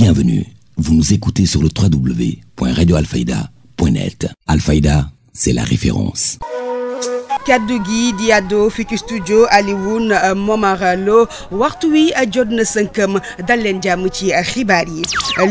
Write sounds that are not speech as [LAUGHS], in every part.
bienvenue. Vous nous écoutez sur le www.radioalfayda.net. Alfayda, c'est la référence. kaddu gi di àddoo fi ci studio Alioune euh, Momar Lo waxtu wi euh, jot na sënkam dal leen jàmm ci euh, xibaar yi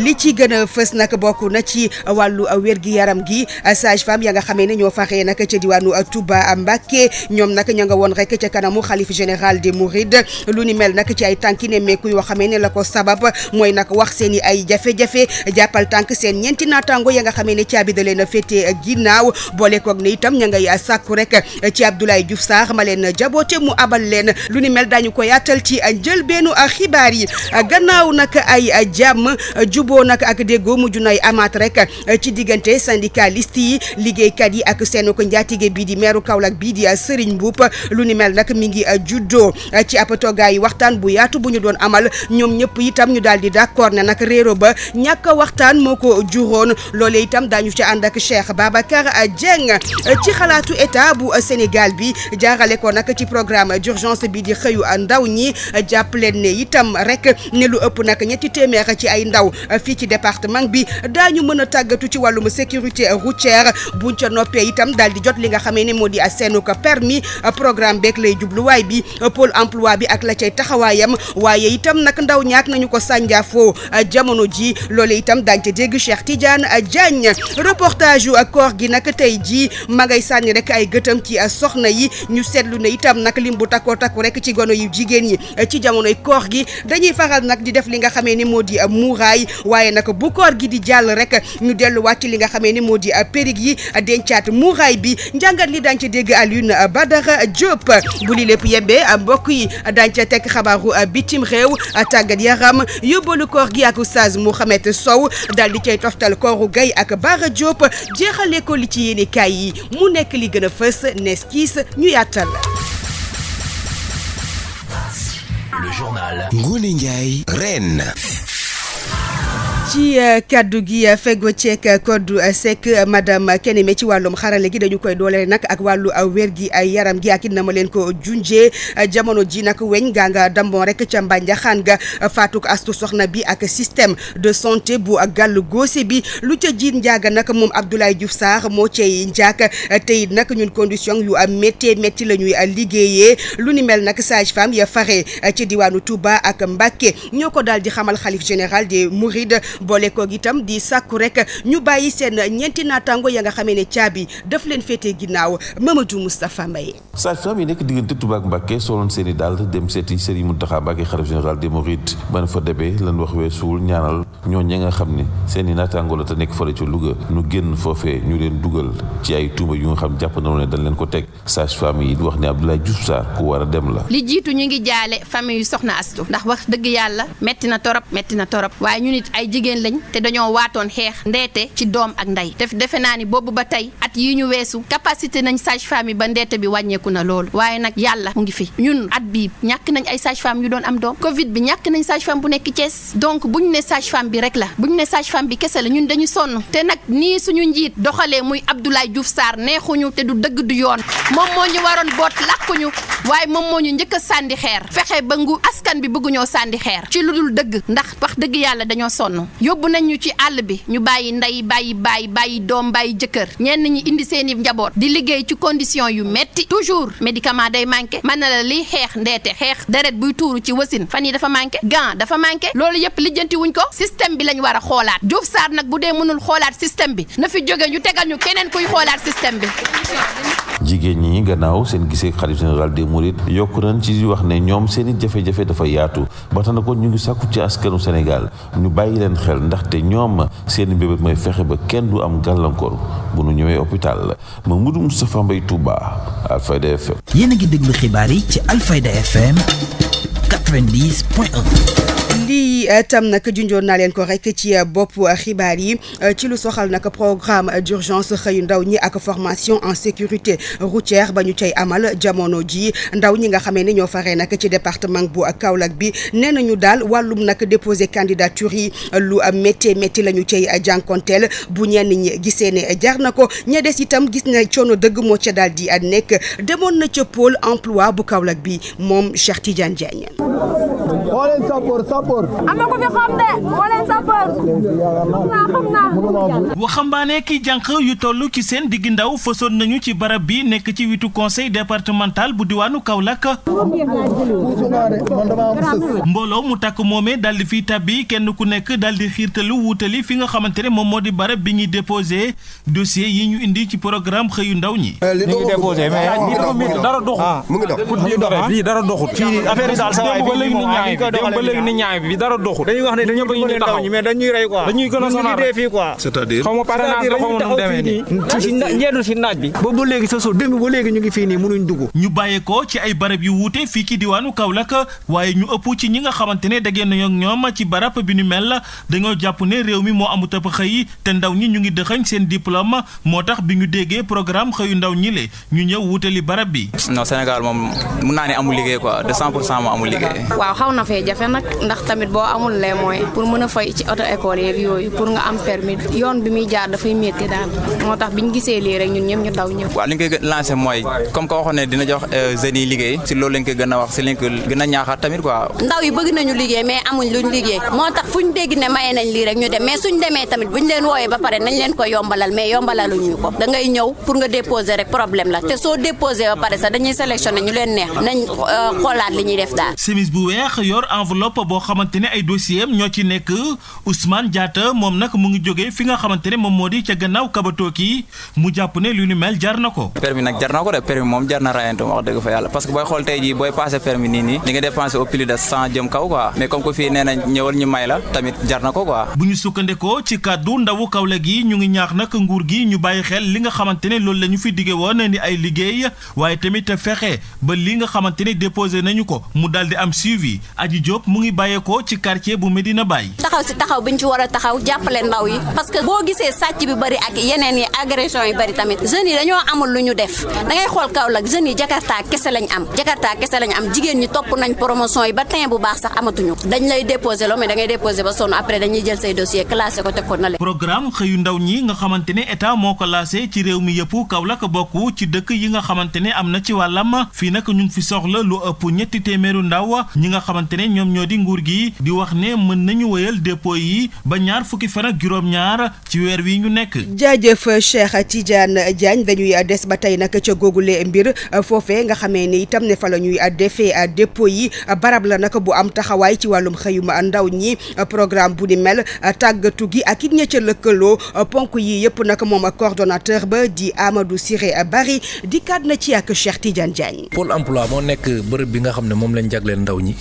li ci gën a fës nag bokk na ci wàllu wér-gi-yaram gi sage-femme yanga xamee ne ñoo faxee nag ca diwaanu Touba Mbacké ñoom nag ña nga woon rek ca kanamu xalif général des Mourides lu ni mel nag ci ay tànki ne meeku yoo xamee ne la ko sabab mooy nag wax seeni ay jafe-jafe jàppal tànk seen ñeenti naataango ya nga xamee ne caabi da leen a féete ginnaaw boole koog ne itam ña ngay sàkku rek ci Abdoulaye Diouf Sarr ma leen jaboote mu abal leen lu ni mel daañu ko yaatal ci njëlbeenu xibaar yi gannaaw nag ay jàmm juboo nag ak déggoo mujj nay amaat rek ci diggante syndicaliste yi liggéeykat yi ak seen ko njaatige bii di meeru Kaolack bii di Serigne Mboup lu ni mel nag mi ngi juddoo ci apatogaay toggaayu waxtaan bu yaatu bu ñu doon amal ñoom ñëpp itam ñu daal di d'accord ne nag réero ba ñakk waxtaan moo ko juróon loole itam daañu ci ànd ak Cheikh Babacar Sénégal bi jaarale ko nag ci programme d'urgence bi di xëyu ndaw ñi jàpp leen ne itam rek ne lu ëpp nag ñetti téeméer ci ay ndaw fii ci département bi daañu mën a tàggatu ci wàllum sécurité routière bu ca noppee itam daal di jot li nga xamee ne moo di seenu ko permis programme beeg lay jubluwaay bi pôle emploi bi ak la cay taxawaayam waaye itam nag ndaw ñaak nañu ko sànjaafoo jamono ji loole itam daañu ca dégg Cheikh Tidiane Diagne reportage yu gi nag tey jii ma ngay sànni rek ay gëtam ci soxna yi ñu seetlu ne itam nag lim bu takkoo takku rekk ci gono yu jigéen ñi eh, ci jamonoy koor gi dañuy faral nag di def li nga xamee ni moo di eh, muuraay waaye nag bu koor gi di jàll rek ñu delluwaat ci li nga xamee ni moo di eh, périg yi dencaat muuraay bi njàngat li daañu ci dégg Alioune Badara Diop bu li lépp yembee mbokk yi daañu ca teg xabaaru bitim réew tàggat yaram yóbbalu koor gi ak oustaz Mouhamed Sow daal di cay toftal kooru gay ak baax Diop jeexale ko li ci yéene yi mu nekk li gën a fës nees kiis ñu yaatal le journal Ngoné Ndiaye Reine ci eh, kaddu gi eh, fego ceek eh, koddu Seck madame Keneme ci wàllum xarale gi dañu koy doole nag ak wàllu wér gi ay yaram gi ak it na ma leen ko junjee jamono ji nag weñ gaa nga damboon rek ca mbànjaxaan nga faatuk astu soxna bi ak système de santé bu gàll góose bi lu ca jiit njaaga nag moom Abdoulaye Diouf Sarr moo cay njaak tey nag ñun condition yu am métti métti la ñuy liggéeyee lu ni mel nag sage femme ya fare ci diwaanu tuba ak Mbacké ñoo ko daal di xamal xalif général boole koog itam di sàkku rek ñu bàyyi seen ñeenti naataango ya nga xamee ne caabi daf leen féetee ginnaaw sa Moustapha Mbaye sage-femme yi nekk diggante Touba ak Mbacké soloon seen i daal dem seeti Serigne Mountakha Mbacké xalif général des ba ban fa debee lan wax weesuwul ñaanal ñoo ña nga xam ne seen i naataango la te nekk fële ca Louga ñu génn foofee ñu leen dugal ci ay tuuma yu nga xam jàpp na ne dañ leen ko teg sage-femme yi wax ne Abdoulaye Diouf Sarr ku a dem la li jiitu ñu ngi ndax wax dëgg yàlla metti na torop metti na torop jigéen lañ te dañoo waatoon xeex ndeete ci doom ak ndey te defe naa ni boobu ba tey at yi ñu weesu capacité nañ sage femme yi ba ndeete bi wàññeeku na loolu waaye nag yàlla mu ngi fi ñun at bi ñàkk nañ ay sage femme yu doon am doom covid bi ñàkk nañ sage femme bu nekk Thiès donc buñ ne sage femme bi rek la buñ ne sage femme bi kese la ñun dañu sonn te nag nii suñu njiit doxalee muy Abdoulaye juuf saar neexuñu te du dëgg du yoon moom moo ñu waroon boot làkkuñu waaye moom moo ñu njëkk a sàndi xeer fexe ba askan bi bëgguñoo sàndi xeer ci lu dul dëgg ndax wax dëgg yàlla dañoo sonn yóbbu nañ ñu ci àll bi ñu bàyyi ndey bàyyi bàyyi bàyyi doom bàyyi jëkkër ñenn ñi indi seeni njaboot di liggéey ci condition yu metti toujours médicament day manqué mën na la liy xeex ndeete xeex deret buy tuuru ci wasin fan yi dafa manqué gan dafa manqué loolu yëpp lijjanti ko système bi lañu war a xoolaat Diouf Sarr nag bu dee mënul xoolaat système bi na fi jóge ñu tegal ñu keneen kuy xoolaat système bi jigéen ñi gannaaw seen gisee xalif général des Mourides yokku nañ ci wax ne ñoom seen i jafe dafa yaatu ba na ko ñu ngi sàkku ci askanu Sénégal xel ndaxte ñoom seen mbébét mooy fexe ba kenn du am gàllankoor bu nu ñëwee hôpital Mamadou Moustapha Mbaye Touba Alfayda FM. yéen a ngi déglu xibaar yi ci Alfayda FM 90 point 1. lii tam nag junjoon naa leen ko rek ci bopp xibaar yi euh, ci lu soxal nag programme d'urgence xëyu ndaw ñi ak formation en sécurité routière ba ñu cay amal jamono ji ndaw ñi nga xamee ne ñoo faree nag ci département bu Kaolack bi nee nañu daal wàllum nag déposé candidature yi lu métti métti la ñu cay jànkonteel bu ñenn ñi gisee ne jar na ko ña des itam gis na coono dëgg moo ca daal di nekk demoon na ca pôle emploi bu Kaolack bi moom Cheikh Tidiane Diagne. sapeur. waxambaane ki jànq yu toll ci seen digg ndaw fosoon nañu ci barab bi nekk ci witu conseil départemental bu diwaanu Kaolack. mbooloo mu takk moomee daal di fiy tabbi kenn ku nekk daal di xiirtalu wuutali fi nga xamante ne moom moo di barab bi ñuy déposé dossier yi ñu indi ci programme xëyu ndaw ñi. Eh, li bi dara doxul. dañuy wax ne dañu bëgg ñu taxaw mais dañuy rey quoi. dañuy gën a sonal rek c'est-à-dire xaw ma parrainage la xaw ma nu mu demee nii ci ñeenu si naaj bi. ba ba léegi sa so démb ba léegi ñu ngi fii nii mënuñ dugg. ñu bàyyeekoo ci ay barab yu wuute fii ci diwaanu Kaolack waaye ñu ëpp ci ñi nga xamante ne dagee nañu ak ñoom ci barab bi ñu mel dañoo jàpp ne réew mi moo amut ab xëy te ndaw ñi ñu ngi dëxañ seen diplôme moo tax bi ñu déggee programme xëyu ndaw ñi le ñu ñëw wutali barab bi. non Sénégal moom mun naa ne amul liggéey quoi de 100 pour cent moo amul liggéey. waaw xaw na fee jafe nag ndax tamit tamit boo amul les pour mën a fay ci auto école yeeg yooyu pour nga am permis yoon bi muy jaar dafay métti daal moo tax bi ñu gisee lii rek ñu daw ñëpp waaw li ñu euh, liggéey si loolu lañ koy tamit quoi ñu leen wooyee ba pare nañ leen ko yombalal mais yombalaluñu ko da ñëw pour nga déposer rek problème la te soo déposer ba pare sax dañuy sélectionné ñu leen neex nañ euh, xoolaat li ñuy def daal xamante ne ay dossier ñoo ci nekk Ousmane Diatta moom nag mu ngi jógee fi nga xamante ne moom moo di ca gannaaw kabatoo kii mu jàpp ne lu ñu jar na ko. permis jar na ko moom jar na rayantu wax dëgg fa yàlla parce que booy xool tey jii booy passé permis nii nii di nga dépensé au plus de cent jëm kaw quoi mais comme que fii nee ñëwal ñu may la tamit jar na ko quoi. bu ñu sukkandekoo ci kàddu ndawu Kaolack gi ñu ngi ñaax nag nguur gi ñu bàyyi xel li nga xamante ne loolu la ñu fi digge woon ni ay liggéey waaye tamit fexe ba li nga xamante ne déposé nañu ko mu daal di am suivi Aji Diop mu ngi bàyyeeko ko ci quartier bu Medina Baye. taxaw si taxaw bi ñu ci war a taxaw jàppale ndaw yi parce que boo gisee sàcc bi bëri ak yeneen yi agression yi bëri tamit jeunes yi dañoo amul lu ñu def da xool Kaolack jeunes yi Jakarta kese lañ am jigéen ñi topp nañ promotion yi ba teint bu baax sax amatuñu dañ lay déposé loo mais déposé ba sonn après dañuy jël say dossier classé ko teg ko na programme xëyu ndaw ñi nga xamante ne état moo ko ci réew mi yëpp yi di wax ne mën nañu wéyal dépôt yi ba ñaar fukki fan ak juróom-ñaar ci weer wi ñu nekk. jaajëf Cheikh Tidiane Diagne dañuy des ba tey nag ca googule mbir foofee nga xamee ni itam ne fa la ñuy defee dépôt yi barab la naka bu am taxawaay ci wàllum xëyum ndaw ñi programme bu ni mel tàggatu gi ak it ña ca lëkkaloo ponk yi yëpp nag moom coordonnateur ba di Amadou Siré Bari dikkaat na ci ak Cheikh Tidiane Diagne. pôle emploi moo nekk bërëb bi nga xam ne moom lañ jagleel ndaw ñi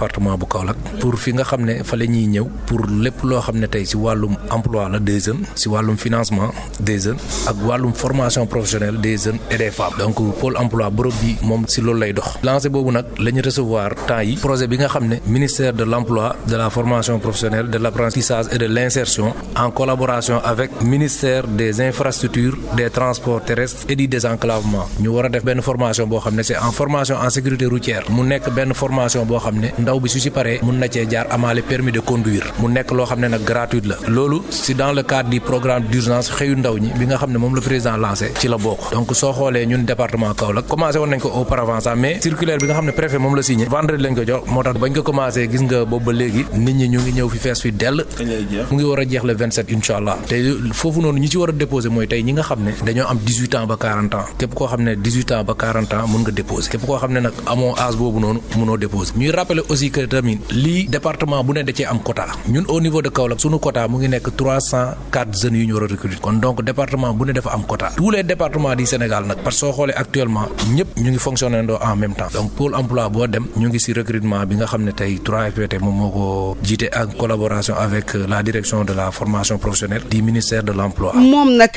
département bu Kaolack pour fi nga xam ne fa la ñëw pour lépp loo xam ne tey si wàllum emploi la des jeunes si wàllum financement des jeunes ak wàllum formation professionnelle des jeunes et des femmes donc pôle emploi bërëb bi moom si loolu lay dox lancé boobu nag la ñu recevoir temps yi projet bi nga xam ne ministère de l' emploi de la formation professionnelle de l' apprentissage et de l' insertion en collaboration avec ministère des infrastructures des transports terrestres et du ñu war a def benn formation boo xam ne en formation en sécurité routière mu nekk benn ndaw bi su ko jox moo tax bañ ko commencé gis nga boobu ba léegi nit ñi ñu ngi ñëw fi fees fi dell mu ngi war a jeex le 27 incha allah te foofu noonu ñi ci war a déposé mooy tey ñi nga xam ne dañoo am ans ba ans képp koo xam ne ans ba ans mun nga déposé képp koo xam ne nag amoo âge boobu noonu munoo déposé ñuy rappeler aussi aussi lii département bu ne da cee am quota sunu quota mu ngi nekk trois cent quatre jeunes yu ñu war kon donc département bu ne dafa am quota tous les départements Sénégal nag parce que soo xoolee actuellement ñëpp ñu ngi fonctionner en même temps donc pôle emploi boo dem ñu ngi ci recrutement bi nga xam ne tey 3FPT moom moo ko jiite en collaboration avec euh, la direction de la formation professionnelle du ministère de l'emploi. moom nag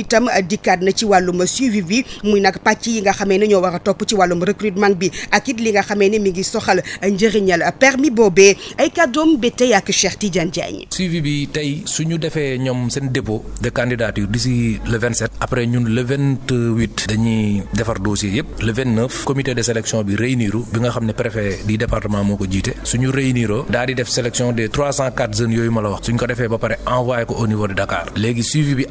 itam dikkaat na ci wàllum suivi bi muy nag pàcc yi nga xamee ne ñoo war a topp ci wàllum recrutement bi ak it li nga xamee ne mi ngi soxal njëriñal permis boobee ay kàddoom ba tey ak Cheikh Tidiane Diagne. suivi bi tey su ñu defee ñoom seen dépôt de candidature d'ici le 27 après ñun le 28 dañuy defar dossier yëpp le 29 comité de sélection bi réunir bi nga xam ne préfet di département moo ko jiite suñu réuniroo daal di def sélection des 304 jeunes yooyu ma la wax suñ ko defee ba pare envoyé ko au niveau de Dakar léegi suivi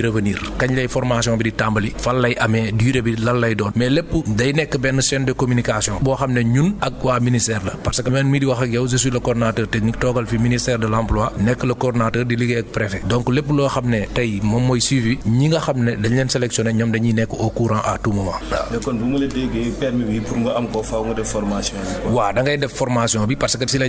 muy revenir kañ lay formation bi di tàmbali fan lay amee durée bi lan lay doon mais lépp day nekk benn chaîne de communication boo xam ne ñun ak waa ministère la parce que man mii di wax ak yow je suis le technique toogal fi ministère de l' emploi nekk le coordonnateur di liggéey ak préfet donc lépp loo xam ne tey moom mooy suivi ñi nga xam ne dañ leen sélectionné ñoom dañuy nekk au courant à tout moment. def formation bi. parce que si lañ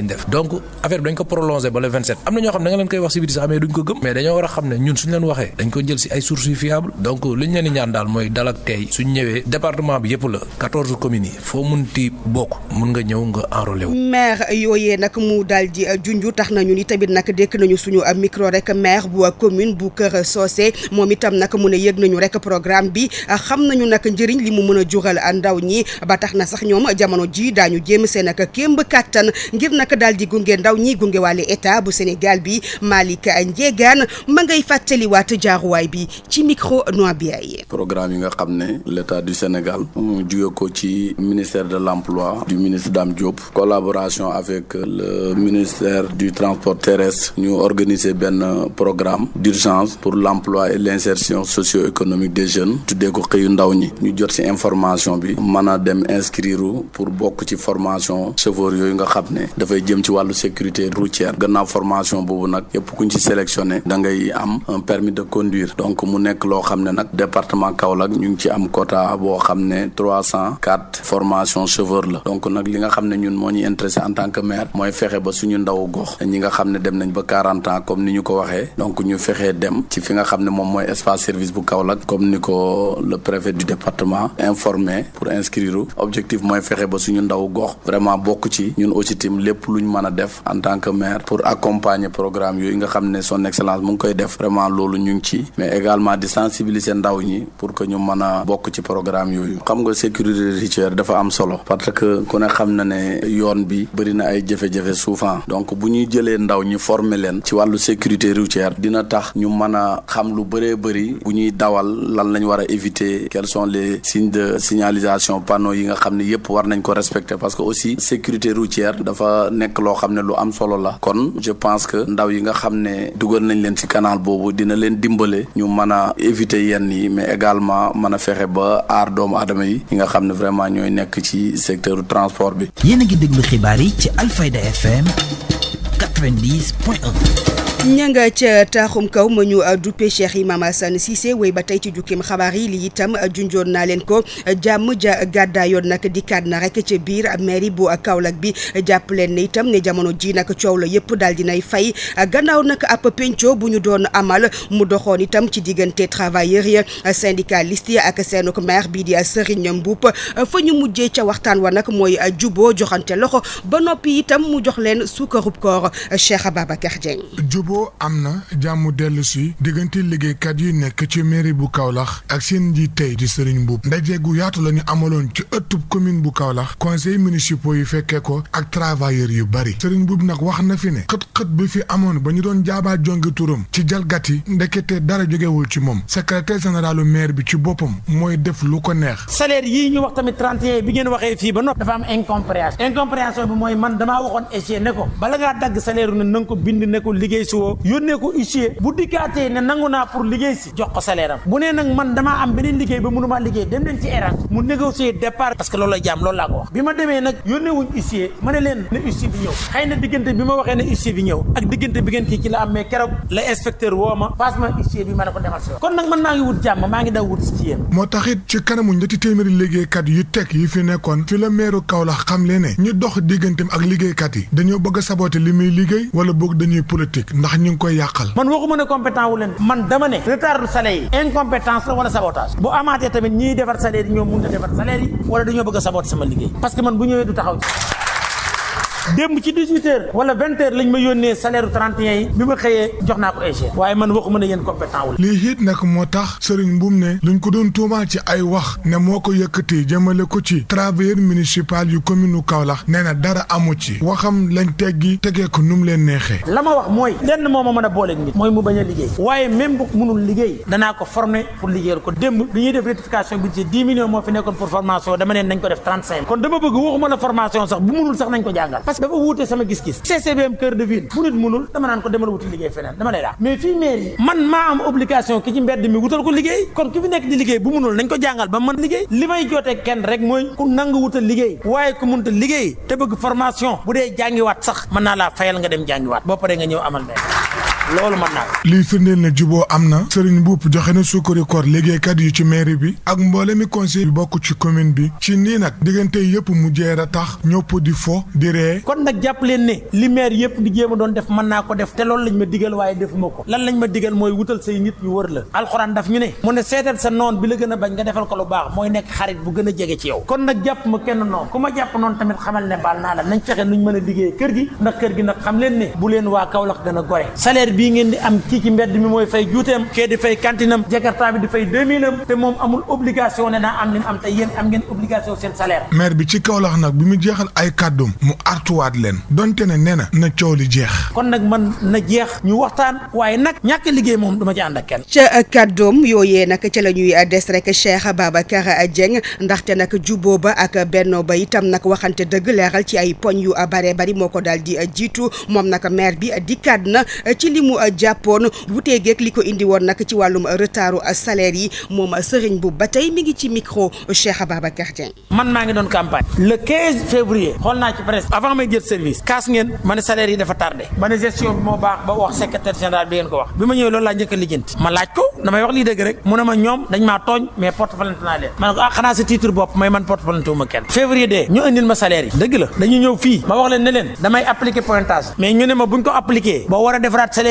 lañ def donc affaire bi dañ ko prolongé ba le 27 am na ñoo xam ne a ñun suñ leen waxee dañ ko jël si ay sources yu fiable donc li ñu leen ñaan daal mooy dal tey suñ ñëwee département bi yëpp la 14 communes yi foo mun ti bokk mun nga ñëw nga enrôlé maire yooyee nag mu daal di junju tax nañu ni tamit nag dékk nañu suñu micro rek maire bu commune bu Kër Socé moom itam nag mu ne yëg nañu rek programme bi xam nañu nag njëriñ li mu mën a nag daal di gunge ndaw ñi gunge waale état bu Sénégal bi ay Ndiégane ma ngay fàttaliwaat jaaruwaay bi ci micro noa bi programme yi nga xam ne l'état du Sénégal jóge ko ci ministère de l'emploi du ministre Dame Diop collaboration avec le ministère du transport terrestre ñu organiser benn programme d'urgence pour l'emploi et l'insertion socio-économique des jeunes tuddee ko xëyu ndaw ñi ñu jot ci information bi mën a dem inscrire pour bokk ci formation chauffeur yooyu nga xam jëm ci wàllu sécurité routière gannaaw formation boobu nag yëpp kuñ ci sélectionné dangay am un permis de conduire donc mu nekk loo xam ne nag département Kaolack ñu ngi ci am quota boo xam ne trois cent quatre formation chauffeur la donc nag li nga xam ne ñun moo ñu intéressé en tant que maire mooy fexe ba suñu ndaw gox ñi nga xam ne dem nañ ba quarante ans comme ni ñu ko waxee donc ñu fexe dem ci fi nga xam ne moom mooy espace service bu Kaolack comme ni ko le préfet du département informé pour inscrire objectif mooy fexe ba suñu ndaw gox vraiment bokk ci ñun aussi tim lépp luñ mën a def en tant que maire pour accompagner programme yooyu nga xam ne son excellence mu ngi koy def vraiment loolu ñu ngi ci mais également di sensibiliser ndaw ñi pour que ñu mën a bokk ci programme yooyu xam nga sécurité routière dafa am solo parce que ku ne xam na ne yoon bi bëri na ay jafe-jafe souvent donc bu ñuy jëlee ndaw ñi former leen ci wàllu sécurité routière dina tax ñu mën a xam lu bëree bëri bu ñuy dawal lan lañ war a éviter quels sont les signes signalisation panneaux yi nga xam ne yëpp war nañ ko respecter parce que aussi nekk loo xam ne lu am solo la kon je pense que ndaw yi nga xam ne dugal nañ leen ci kanaal boobu dina leen dimbale ñu mën a éviter yenn yi mais également mën a fexe ba aar doomu aadama yi yi nga xam ne vraiment ñooy nekk ci secteur transport bi. yéen a ngi déglu xibaar yi ci Alfayda FM ña nga ca taaxum kaw ma ñu euh, duppe Cheikh Imam si Cissé wéy ba tey ci jukkim xabaar yi li itam euh, junjoon naa leen ko euh, jàmm ja gàddaayoon nag dikkaat na rek ca biir mairie bu Kaolack bi jàpp leen ne itam ne jamono ji nag coow la yëpp daal dinay fay gannaaw nag ab penco bu ñu doon amal mu doxoon itam ci diggante travailleurs yi syndicalistes yi ak seenuk maire bii di Serigne Mboup fa ñu mujjee ca waxtaan wa nag mooy juboo joxante loxo ba noppi itam mu jox leen suukarub koor Cheikh Ababacar Dieng juboo am na jàmm dellu si diggante liggéeykat yi nekk ci mairie bu Kaolack ak seen njiit tey di Serigne Mboup ndaje gu yaatu la ñu amaloon ci ëttub commune bu Kaolack conseil municipal yi fekkee ko ak travailleurs yu bari Serigne Mboup nag wax na fi ne xët-xët bi fi amoon ba ñu doon jaabaa jongi turam ci jalgati ndekete dara jógewul ci moom secrétaire généralu maire bi ci boppam mooy def lu ko neex. salaire yii ñu wax tamit 31 bi ngeen waxee fii ba noppi. dafa am incompréhension bi woo yónnee ko huissier bu dikkaatee ne nangu naa pour liggéey si jox ko salaire bu nee nag man damaa am beneen liggéey ba mënumaa liggéey dem leen ci RH mu négocier départ parce que loolu lay jaam loolu laa ko wax bi ma demee nag yónnee wuñ huissier ma ne leen ne huissier bi ñëw xëy na diggante bi ma waxee ne huissier bi ñëw ak diggante bi ngeen kii ci la am mais keroog la inspecteur woo ma passe ma huissier bi ma ne ko demal si kon nag man maa ngi wut jàmm yi fi nekkoon a ndax ñu ngi koy yàqal man waxuma ne compétent wu leen man dama ne retard salaire yi incompétence la wala sabotage bu amaatee tamit ñiy defar salaire yi ñoom mun na defar salaire yi wala dañoo bëgg a saboter sama liggéey parce que man bu ñëwee du taxaw ci démb ci 18h wala 20h ma yónnee salaire ru 31 xëyee jox naa e waaye man waxuma ne yéen compétent wu la. lii it nag moo ko doon tuumaal ci ay wax ne moo ko yëkkati jëmale ko ci travailleur municipal yu commune nu Kaolack nee na dara ci waxam lañ teggi tegee ko nu mu la ma wax mooy lenn moo ma mën waaye même bu munul liggéey danaa ko former pour liggéeyal ko démb bi ñuy def rectification budget 10 millions moo fi nekkoon pour formation dama neen nañ ko def 35 kon dama bëgg waxuma la formation sax bu munul sax nañ ko jàngal parce que dafa wuute sama gis-gis CCBM cœur de ville bu nit munul dama naan ko demal wut liggéey feneen dama lay daax mais fii mairie man maa am obligation ki ci mbedd mi wutal ko liggéey kon ki fi nekk di liggéey bu munul nañ ko jàngal ba mën liggéey li may jootee kenn rek mooy ku nangu wutal liggéey waaye ku munta liggéey te bëgg formation bu dee jàngiwaat sax mën naa laa fayal nga dem jàngiwaat boo paree nga ñëw amal na loolu man naa lii firndeel na juboo am na sëriñ Mbuup joxe na suukari koor liggéeykat yu ci mairie bi ak mboole mi conseil bi bokk ci commune bi ci nii nag diggante yëpp mu jeer a tax ñëpp di fo di ree kon nag jàpp leen ne li maire yëpp di a doon def mën naa ko def te loolu lañ ma digal waaye defuma ko lan lañ ma digal mooy wutal say nit yu wër la alxuraan daf ñu ne mu ne seetal sa noon bi la gën a bañ nga defal ko lu baax mooy nekk xarit bu gën a jege ci yow kon nag jàpp ma kenn noon ku ma jàpp tamit xamal ne baal naa la nañ fexe nuñ mën a liggéey gi ndax kër gi nag xam leen ne bu leen waa Kaolack gën a gore hôtel bii ngeen di am kii ci mbedd mi mooy fay juuteem kee di fay kantinam jakarta bi di fay 2000 am te moom amul obligation ne naa am li am te yéen am ngeen obligation seen salaire maire bi ci Kaolack nag bi mu jeexal ay kàddum mu artuwaat leen donte ne nee na na coow li jeex kon nag man na jeex ñu waxtaan waaye nag ñàkk liggéey moom duma ci ànd ak kenn ca kàddoom yooyee nag ca la ñuy des rek Cheikh Babacar Dieng ndaxte nag juboo ba ak bennoo ba itam nag waxante dëgg leeral ci ay poñ yu bare bari moo ko daal di jiitu moom nag maire bi dikkaat na li mu euh, jàppoon wutee geeg li ko indi woon ci wàllum euh, retardu salaire yi moom euh, sëriñ bu ba tey mi ngi ci micro Cheikh Ababacar Dieng. man maa ngi doon campagne le 15 xool naa ci presse avant may jël service kaas ngeen ma ne salaire yi dafa tardé ma ne gestion bi moo baax ba wax secrétaire général bi ngeen ko wax bi ma ñëwee loolu laa njëkk a lijjanti ma laaj ko damay wax lii dëgg rek mu ne ma ñoom dañ maa tooñ mais porte plainte naa leen ah, a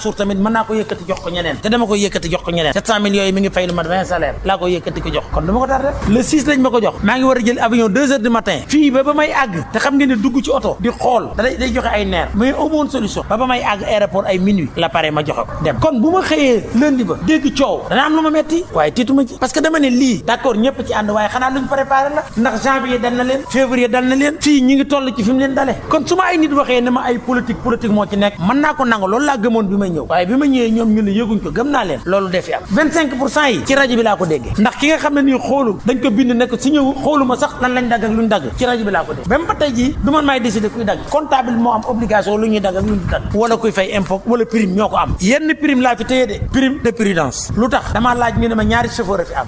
suur tamit mën naa ko yëkkati jox ko ñeneen te dama ko yëkkati jox ngi fay lu mat 20 salaire laa ko yëkkati ko jox kon du ko tardé le 6 lañ ma ko jox maa ngi war a jël avion 2 heures du matin fii ba ba may àgg te xam ngeen dugg ci oto di xool da day joxe ay neer mais amoon solution ba ba may àgg aéroport ay minuit la pare ma joxe ko dem kon bu ma xëyee lundi ba dégg coow dana am lu ma metti waaye tiituma ci parce que dama ne lii d'accord ñëw waaye bi ma ñëwee ñoom ñu ne yëguñ ko gëm naa leen loolu def fi am vingt cinq pour cent yi ci rajo bi laa ko déggee ndax ki nga xam ne nii xoolu dañ ko bind nekk si man prime de prime lu tax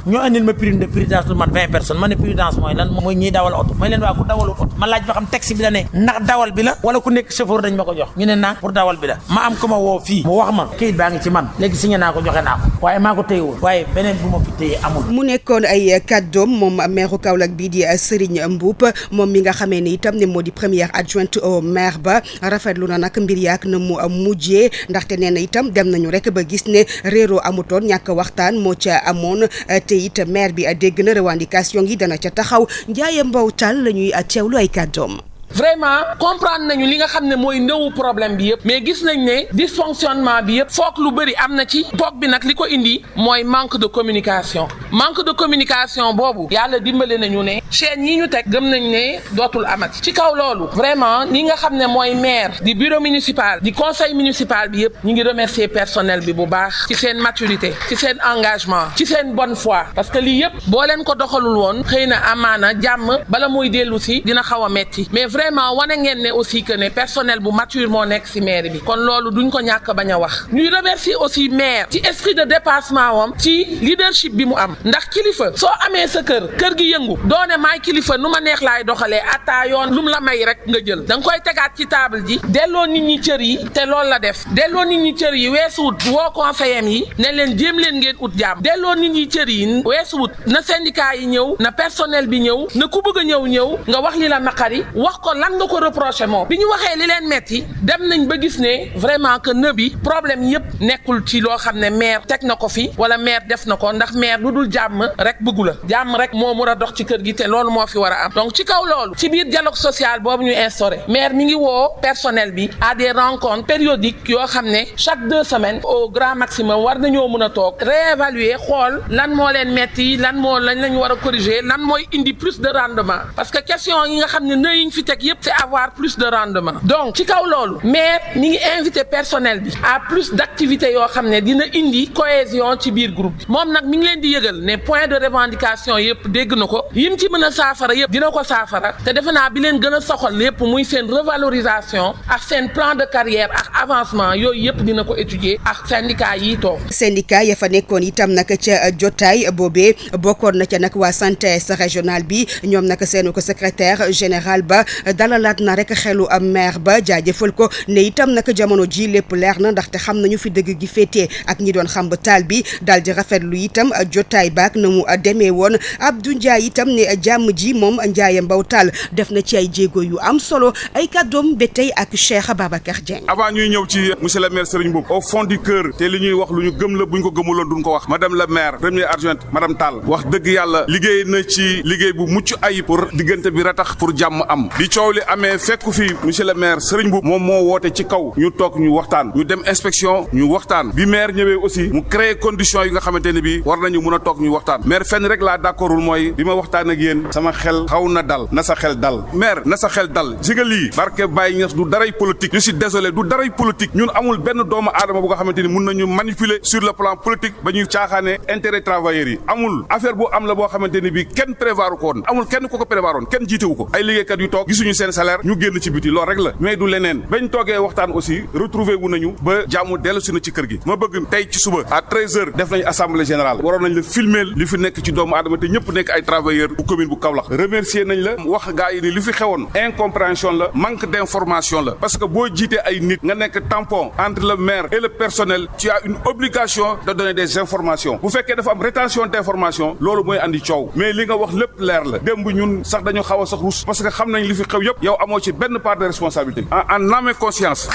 vingt personnes ma ne prudence mooy lan mooy ñuy dawal oto mooy leen waa ku dawalu oto ma laaj ba xam taxi bi la ne ndax dawal bi la wala ku nekk chauffeur dañ ma ko jox ñu ne naa pour dawal bi la ma am ku ma fii mu wax ma kayit baa ngi ci man léegi signé naa ko joxe naa ko waaye maa ko téye woon waaye beneen bu ma fi téye amul mu nekkoon ay kàddoom moom meexu Kaolack bii di Serigne Mboup moom mi nga xamee ni itam ne moo di première adjointe au maire ba rafetlu na nag mbir yaak na mu mujjee ndaxte nee na itam dem nañu rek ba gis ne réeroo amutoon ñàkk waxtaan moo ca amoon te it maire bi a dégg na revendication yi dana ca taxaw Ndiaye Mbow Tall la ñuy teewlu ay kàddoom vraiment comprendre nañu li nga xam ne mooy ndëwu problème bi yëpp mais gis nañ ne dysfonctionnement bi yëpp foog lu bëri am na ci foog bi nag li ko indi mooy manque de communication manque de communication boobu yàlla dimbale nañu ne chaîne yi ñu teg gëm nañ ne dootul amati ci kaw loolu vraiment ñi nga xam ne mooy maire di bureau municipal di conseil municipal bi yëpp ñu ngi remercier personnel bi bu baax ci seen maturité ci seen engagement ci seen bonne foi parce que lii yëpp boo leen ko doxalul woon xëy na amaana jàmm bala muy dellu dina xaw a metti vraiment wane ngeen ne aussi que ne personnel bu mature moo nekk ci maire bi kon loolu duñ ko ñàkk bañ a wax ñuy remercier aussi maire ci esprit de dépassement wam ci leadership bi mu am ndax kilifa soo amee sa kër kër gi yëngu doone maay kilifa nu ma neex laay doxalee ataa yoon lu mu la may rek nga jël danga koy tegaat ci table ji delloo nit ñi cër yi te loolu la def delloo nit ñi cër yi weesuwut woo conseillers yi ne leen jéem leen ngeen ut jàmm delloo nit cër yi weesuwut na syndicat yi ñëw na personnel bi ñëw na ku bëgg a ñëw ñëw nga wax ko lan nga ko reproché moom bi ñu waxee li leen metti dem nañ ba gis ne vraiment que nëb yi problème yëpp nekkul ci loo xam ne maire teg na ko fi wala maire def na ko ndax maire lu dul jàmm rek bëggu la jàmm rek moo mën a dox ci kër gi te loolu moo fi war a am donc ci kaw loolu ci biir dialogue social boobu ñu instauré maire mi ngi woo personnel bi à des rencontres périodiques yo xam ne chaque deux semaines au grand maximum war na ñoo mën a toog réévaluer xool lan moo leen metti lan moo lañ lañ war a corriger lan mooy indi plus rendement yëpp c'est avoir plus de rendement donc ci kaw loolu maire mi ngi invité personnel bi à plus d'activités yoo xam ne dina indi cohésion ci biir group moom nag mi ngi leen di yëgal ne point de revendication yëpp dégg na ko yim ci mën a saafara yëpp dina ko saafara te defe naa bi leen gën a soxal yëpp muy seen revalorisation ak seen plan de carrière ak avancement yooyu yëpp dina ko étudier ak syndicat yi toog syndicat ya fa nekkoon itam nag ca jotaay boobee bokkoon na ca nag waa santé régional bi ñoom nag seenu ko secretaire général ba dalalaat na rek xelu maire ba jaajëfal ko ne itam nag jamono ji lépp leer na ndaxte xam nañu fi dëgg gi féetee ak ñi doon xam ba taal bi daal di rafetlu itam a jotaay baak na mu demee woon du Ndiaye itam ne jàmm ji moom Ndiaye Mbaw taal def na ci ay jéego yu am solo ay kàddoom ba tey ak Cheikh Babacar Dieng. avant ñuy ñëw ci monsieur le maire Serigne Mboup au fond di cœur te li ñuy wax lu ñu gëm la bu ñu ko gëmuloon duñ ko wax madame la maire première adjointe madame wax dëgg yàlla liggéey ci liggéey bu mucc ayib pour diggante bi ratax pour jàmm am coow li amee fekku fi monsieur le maire Serigne Mboup moom moo woote ci kaw ñu toog ñu waxtaan ñu dem inspection ñu waxtaan bi maire ñëwee aussi mu créer condition yi nga xamante ne bi war nañu mun a toog ñu waxtaan maire fenn rek laa d'accordul mooy bi ma waxtaan ak yéen sama xel xaw na dal na sa xel dal maire na sa xel dal si nga lii barke Baye Niass du daray politique ñu si désolé du daray politique ñun amul benn doomu aadama bu nga xamante ni mun nañu manipuler sur le plan politique ba ñuy caaxaane intérêt travailleurs yi amul affaire boo xamante ni bi kenn prévoir ko woon kenn ku ko prévoir woon kenn yu toog gisuñu seen salaire ñu génn ci biti loolu rek la mais du leneen bañ toogee waxtaan aussi retrouvé wu nañu ba jàmm dellu si na ci kër gi ma bëgg tey ci suba à 13h def nañ assemblée générale waroon nañ la filmer li fi nekk ci doomu aadama te ñëpp nekk ay travailleurs bu commune bu Kaolack remercier nañ la wax gaa yi ni li fi xewoon incompréhension la manque d'information la parce que boo jiitee ay nit nga nekk tampon entre le maire et le personnel tu as une obligation de donner des informations bu fekkee dafa am rétention d'information loolu mooy andi coow mais li nga wax lépp leer la démb ñun sax dañu xaw a sax rus parce que xam nañ li fi xew yëpp yow amoo ci benn part de responsabilité en âme et conscience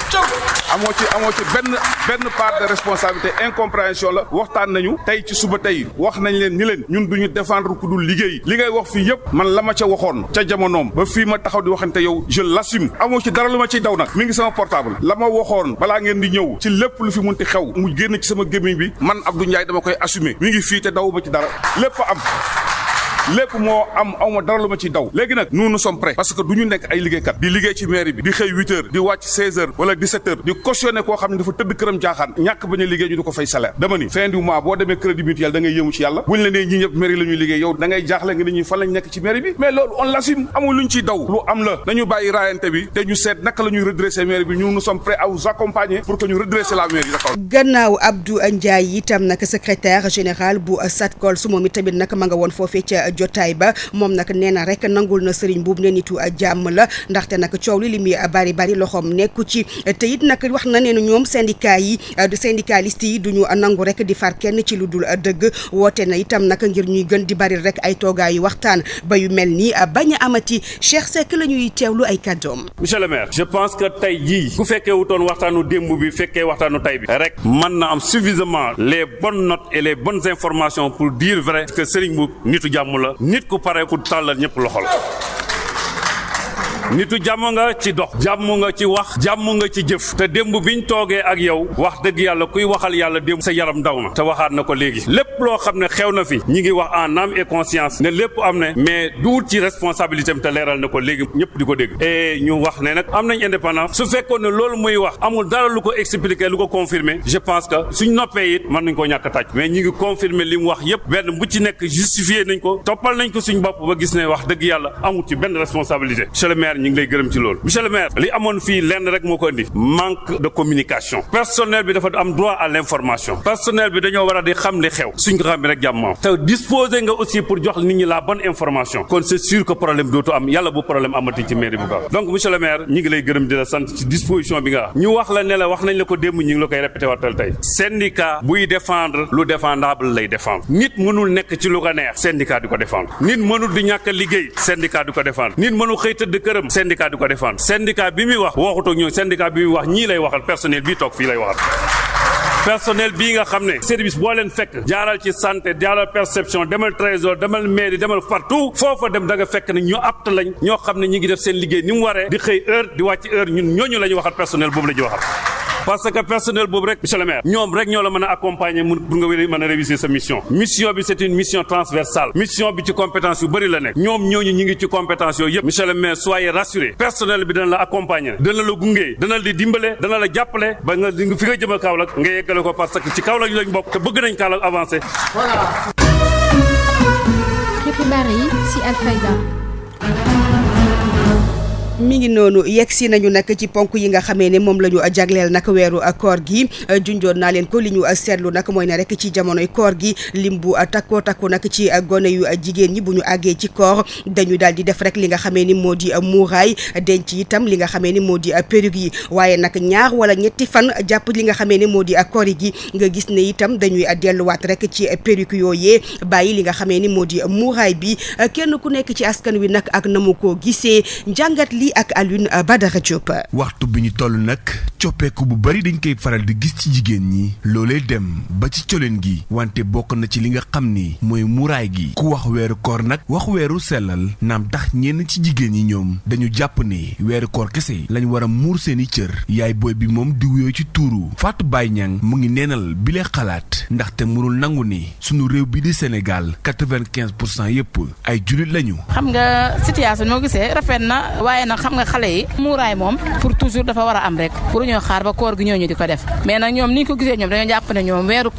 amoo ci amoo ci benn benn part de responsabilité incompréhension la waxtaan nañu tey ci suba tey wax nañ leen ni leen ñun duñu défendre ku dul liggéey li ngay wax fii yëpp man la ma ca waxoon ca jamonoom ba fii ma taxaw di waxante yow je l'assume amoo ci dara lu ma ciy daw nag mi ngi sama portable la ma waxoon balaa ngeen di ñëw ci lépp lu fi mun munti xew mu génn ci sama gémmiñ bi man Abdou Ndiaye dama koy assumer mi ngi fii te daw ma ci dara lépp am lépp moo am aw ma dara lu ma ciy daw léegi nag nous nous sommes prêts parce que du ñu nekk ay liggéeykat di liggéey ci mairie bi di xëy huit di wàcc seize heures wala dix sept di cautionné koo xam ne dafa tëdd këram jaaxaan ñàkk bañ a liggéey ñu di ko fay salaire dama ni fin du mois boo demee crédit mutuel da ngay yëngu ci yàlla buñ la nee ñi ñëpp mairie la liggéey yow da jaaxle nga ni ñuy fan lañ nekk ci mairie bi mais loolu on l'assume am jotaay ba moom nag nee na rek nangul na Serigne Mboup ne nitu jàmm la ndaxte nag coow li li muy bari bari loxoom nekku ci te it nag wax na ne ñoom syndicat yi du syndicaliste yi du ñu nangu rek di far kenn ci lu dul dëgg woote na itam naka ngir ñuy gën di bari rek ay toogaayu waxtaan ba yu mel nii bañ a amati Cheikh Seck la ñuy teewlu ay kàddoom. monsieur le maire je pense que tey jii ku fekkee wutoon waxtaanu démb bi fekkee waxtaanu tey bi rek mën na am suffisamment les bonnes notes et les bonnes informations pour la nit ku pare ku tàllal ñëpp loxo la nitu jàmm nga ci dox jàmm nga ci wax jàmm nga ci jëf te démb bi ñu toogee ak yow wax dëgg yàlla kuy waxal yàlla démb sa yaram daw na te waxaat na ko léegi lépp loo xam ne xew na fi ñi ngi wax en âme et conscience ne lépp am na mais duut ci responsabilité am te leeral na ko léegi ñëpp di ko dégg et ñu wax ne nag am nañ indépendance su fekkoon ne loolu muy wax amul dara lu ko expliquer lu ko confirmer je pense que suñ noppee it mën nañ koo ñàkk a mais ñi ngi li mu wax yëpp benn bu ci nekk justifier nañ ko toppal nañ ko suñ bopp ba gis ne wax dëgg yàlla amul ci benn responsabilité maire ñu ngi lay gërëm ci loolu monsieur le maire li amoon fii lenn rek moo ko indi manque de communication personnel bi dafa am droit à l'information personnel bi dañoo war a di xam li xew suñ ko xam bi rek jàmmaam te disposer nga aussi pour jox nit ñi la bonne information kon c'est sûr que problème dootu am yàlla bu problème amati ci mairie bu baax donc monsieur le maire ñu ngi lay gërëm di la sant ci disposition bi nga ñu wax la ne la wax nañ la ko am syndicat di ko défendre syndicat bi muy wax waxutoo ñoom syndicat bi muy wax ñii lay waxal personnel bii toog fii lay waxal. personnel bii nga xam ne service boo leen fekk jaaral ci santé jaaral perception demal trésor demal mairie demal partout foofa dem da nga fekk ne ñu apte lañ ñoo xam ne ñi ngi def seen liggéey ni mu waree di xëy heure di wàcc heure ñun ñooñu la ñu waxal personnel boobu la ñu waxal parce que personnel boobu rek monsieur le maire ñoom rek ñoo la mën a accompagner pour nga wér mën a réussir sa mission mission bi c'est une mission transversale mission bi ci compétence yu bëri la nekk ñoom ñooñu ñi ngi ci compétence yooyu yëpp monsieur le rassuré personnel bi dana la accompagner dana la gunge dana la dimbale dana la jàppale ba nga fi nga jëmal Kaolack nga yeggale ko parce que ci Kaolack lañ bokk te bëgg nañ Kaolack avancer. voilà. mi ngi noonu yegg si nañu nag ci ponk yi nga xamee ne moom la ñu jagleel nag weeru koor gi junjoon naa leen ko li ñu seetlu nag mooy ne rek ci jamonoy koor gi lim bu takkoo takku nag ci gone yu jigéen ñi bu ñu àggee ci koor dañu daal di def rek li nga xamee ni moo di muuraay denc itam li nga xamee ni moo di perruque yi waaye nag ñaar wala ñetti fan jàpp li nga xamee ne moo di koor gi nga gis ne itam dañuy delluwaat rek ci perruque yooyee bàyyi li nga xamee ni moo di muuraay bi kenn ku nekk ci askan wi nag ak na mu koo gisee njàngat li yi ak Alioune Badara Diop. waxtu bi ñu toll nag coppeeku bu bari dañ koy faral di gis ci jigéen ñi loolee dem ba ci colin gi wante bokk na ci li nga xam ni mooy muraay gi ku wax weeru koor nag wax weeru sellal naam tax ñenn ci jigéen ñi ñoom dañu jàpp ni weeru koor kese lañ war a muur seeni cër yaay booy bi moom di wuyoo ci tuuru Fatou baay Niang mu ngi neenal bi lee xalaat ndaxte mënul nangu ni sunu réew bi di Sénégal quatre-vingt-quinze pour cent yëpp ay jullit lañu. xam nga situation moo gisee rafet xam nga xale yi muuraay moom pour toujours dafa war am rek pour ñoo xaar ba koor gi ñoo ñu di ko def mais nag ñoom ni ko gisee ñoom dañoo jàpp ne ñoom weeru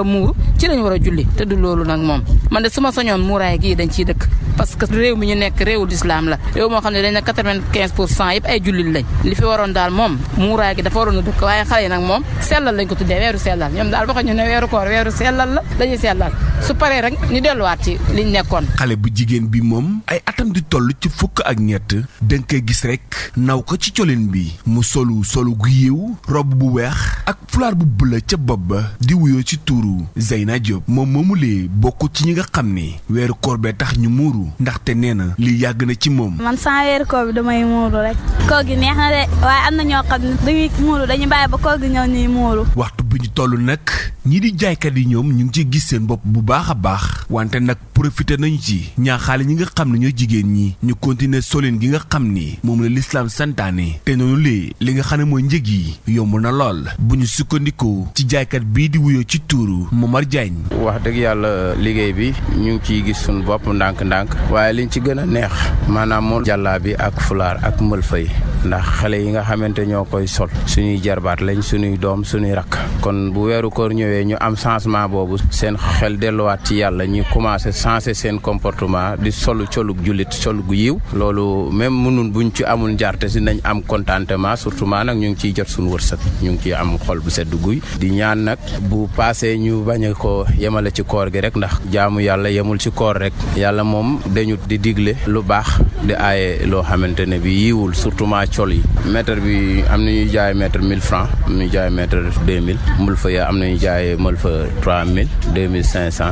a muur ci la ñu war a julli te du loolu nag moom man de su ma soñoon muuraay gii dañ ciy dëkk parce que réew mi ñu nekk réewu lislaam la réew moo xam ne dañ ne quatre-vingt-quinze pour cent yëpp ay jullit lañ li fi waroon daal moom muuraay gi dafa waroon a dëkk waaye xale yi nag moom sellal lañ ko tuddee weeru sellal ñoom daal waxuñu ne weeru koor weeru sellal la dañuy sellal su paree rek ñu delluwaat ci liñ nekkoon. xale bu jigéen bi moom ay atam di toll ci fukk ak ñett da koy gis rek naw ko ci colin bi mu solu solu gu yéew rob bu weex ak fulaar bu bëla ca bopp ba di wuyoo ci tuuru Zeyna Diop moom moomulee bokk ci ñi nga xam ni weeru koor bee tax ñu muuru ndaxte nee na li yàgg na ci moom. man sans weeru koor bi damay muuru rek. koor gi neex na de waaye am na ñoo xam ne dañuy muuru dañuy bàyyi ba koor gi ñëw ñuy ñu toll nag ñi di jaaykat yi ñoom ñu ngi ciy gis seen bopp baax a baax wante nag profité nañu ci ñaaxaale ñi nga xam ne ñoo jigéen ñi ñu continuer solin gi nga xam ni moom la lislaam santaane te noonu lee li nga xam ne mooy njëg yi yomb na lool bu ñu sukkandikoo ci jaaykat bii di wuyo ci tuuru Momar Diagne. wax dëgg yàlla liggéey bi ñu ngi ciy gis suñu bopp ndànk-ndànk waaye liñ ci gën a neex maanaam moom jàllaa bi ak fulaar ak mbëlfa yi ndax xale yi nga xamante ñoo koy sol suñuy jarbaat lañ suñuy doom suñuy rakk kon bu delluwaat ci yàlla ñu commencé changer seen comportement di solu colug jullit colug yiw loolu même mënun buñ ci amul njarte si nañ am contentement surtout ma nag ñu ngi ciy jot suñu wërsëg ñu ngi ciy am xol bu sedd guy di ñaan nag bu passé ñu bañ ko yemale ci koor gi rek ndax jaamu yàlla yemul ci koor rek yàlla moom dañu di digle lu baax di aaye loo xamante ne bi yiwul surtout ma col yi bi am na ñuy jaay mètre mille francs am na ñuy jaay mètre deux mille mbul fa yaa am na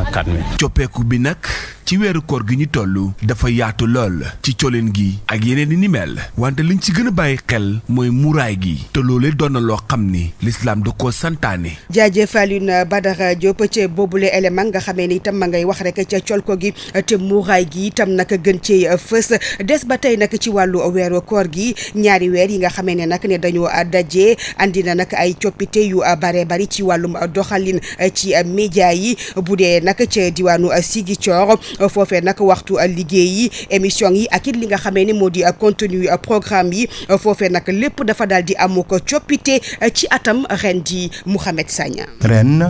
en coppeeku bi nag ci weeru koor gi ñu tollu dafa yaatu lool ci colin gi ak yeneen i ni mel wante liñ ci gën a bàyyi xel mooy muuraay gi te loolee doon na loo xam ni lislaam da koo santaane. jaajëf Alioune euh, Badara Diop boobu boobule élément nga xamee ni itam ma ngay wax rek ca colko gi euh, te muuraay gi itam nag gën ci euh, fës des ba tey nag ci wàllu weeru koor gi ñaari weer yi nga xamee ne nag ne dañoo daje andi na nag ay coppite yu bare bari ci wàllum doxalin ci média yi bu dee nag ca diwaanu Ziguinchor foofe nag waxtu ak liggéey yi émission yi ak it li nga xamee ne moo di ak programme yi foofe nag lépp dafa daal di am ko coppite ci atam ren di Mouhamed Sagna. ren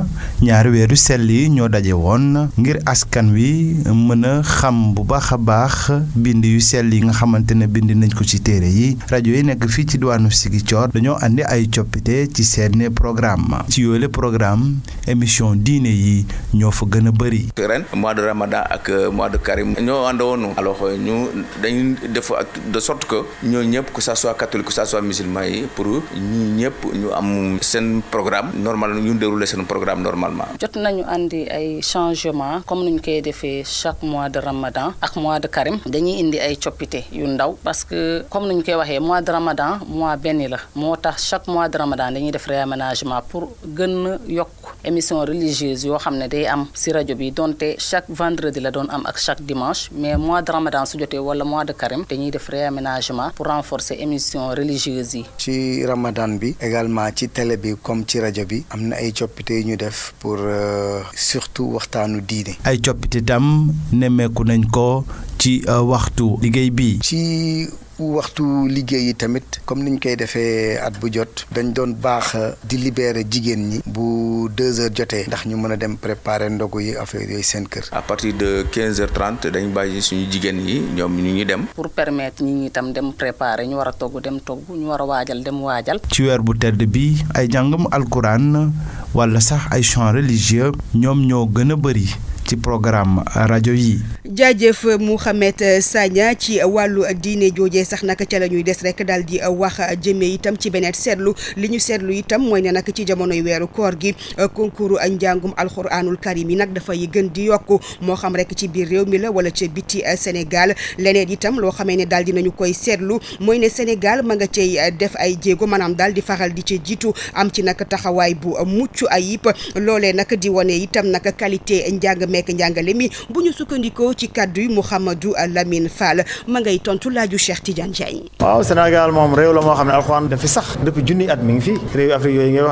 ñaari weeru sell yi ñoo daje woon ngir askan wi mën a xam bu baax a baax bind yu sell yi nga xamante ne bind nañ ko ci téere yi rajo yi nekk fii ci diwaanu Ziguinchor dañoo andi ay coppite ci seen programme ci yooyu programme émission diine yi ñoo fa gën a bëri. mois de Ramadan Euh, mois de Karim ñoo àndoon alors euh, ñu dañu def ak de sorte que ñoo ñëpp que ça catholique que ça musulman yi pour ñi ñëpp ñu am seen programme normal ñu déroulé seen programme normalement. jot nañu andi ay changement comme nuñ koy defee chaque mois de Ramadan ak mois de Karim dañuy indi ay coppite yu ndaw parce que comme nuñ koy waxee mois de Ramadan mois benn la moo tax chaque mois de Ramadan dañuy def réaménagement pour gën yokk. émission religieuse yoo xam ne day am si rajo bi donte chaque vendredi la doon am ak chaque dimanche mais mois de ramadan su jotee wala mois de carême dañuy def réaménagement pour renforcer émission religieuse yi. ci ramadan bi également ci télé bi comme ci rajo bi am na ay coppite yu ñu def pour euh, surtout waxtaanu diine. ay coppite tam nemmeeku nañ ko ci euh, waxtu liggéey bi. ci waxtu liggéey yi tamit comme niñ koy defee at bu jot dañ doon baax di libérer jigéen ñi bu deux heures jotee ndax ñu mën a dem préparer ndogu yi affaire yooyu seen kër. à partir de quinze trente dañu bàyyi suñu jigéen ñi ñoom ñu ngi dem. pour permettre ñi ñi tam dem préparer ñu war a togg dem togg ñu war a waajal dem waajal. ci weer bu tedd bi ay jàngam alquran wala sax ay chants religieux ñoom ñoo gën a bëri. ci programme rajo yi. jaajëf Mouhamed Sagna ci wàllu diine joojee sax naka ca la ñuy des rek daal di wax jëmee itam ci beneen seetlu li ñu seetlu itam mooy ne nag ci jamonoy weeru koor gi concours njàngum alxuraanul karim yi nag dafay gën di yokku moo xam rek ci biir réew mi la wala ca biti Sénégal leneen itam loo xamee ne daal di nañu koy seetlu mooy ne Sénégal ma nga cay def ay jéego maanaam daal di faral di ca jiitu am ci nag taxawaay bu mucc ay yipp loolee nag di wane itam nag qualité njàng meek njàngale mi bu ñu sukkandikoo ci kàddu yi Mouhamadou Lamine Fall ngay tontu laaju Cheikh Tidiane Diagne. waaw Sénégal moom réew la moo xam ne alxuraan dafi sax depuis junni at mi ngi fi réew Afrique yooyu ngay wax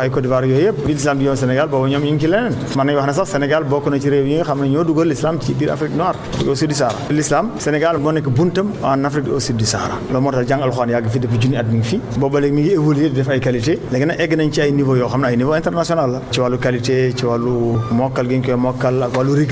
booba léegi mi ngi évoluer di def ay qualité léegi egg nañ ci ay niveau yoo xam ne ay niveau international la ci wàllu qualité ci wàllu mokkal gi ñu koy mokkal ak wàllu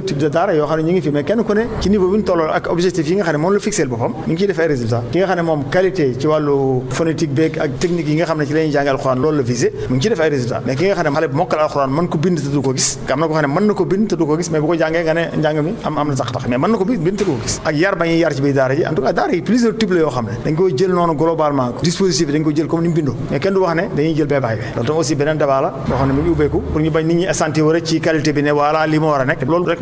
plusieurs ko bind te du ko gis am na ko xam ne na ko bind te du ko gis mais bu jàngee nga ne njàng mi am am na tax tax mais mën na ko bind te du ko gis ak yar ba yar ci biir daara ji en tout cas daara yi plusieurs types la yoo xam ne dañ jël noonu globalement dispositif bi dañ jël comme ni mu bindoo kenn du wax ne dañuy jël bee bàyyi loolu tam aussi beneen débat la xam ne mi ngi ubbeeku pour ñu bañ nit ñi assentir ci qualité bi ne voilà li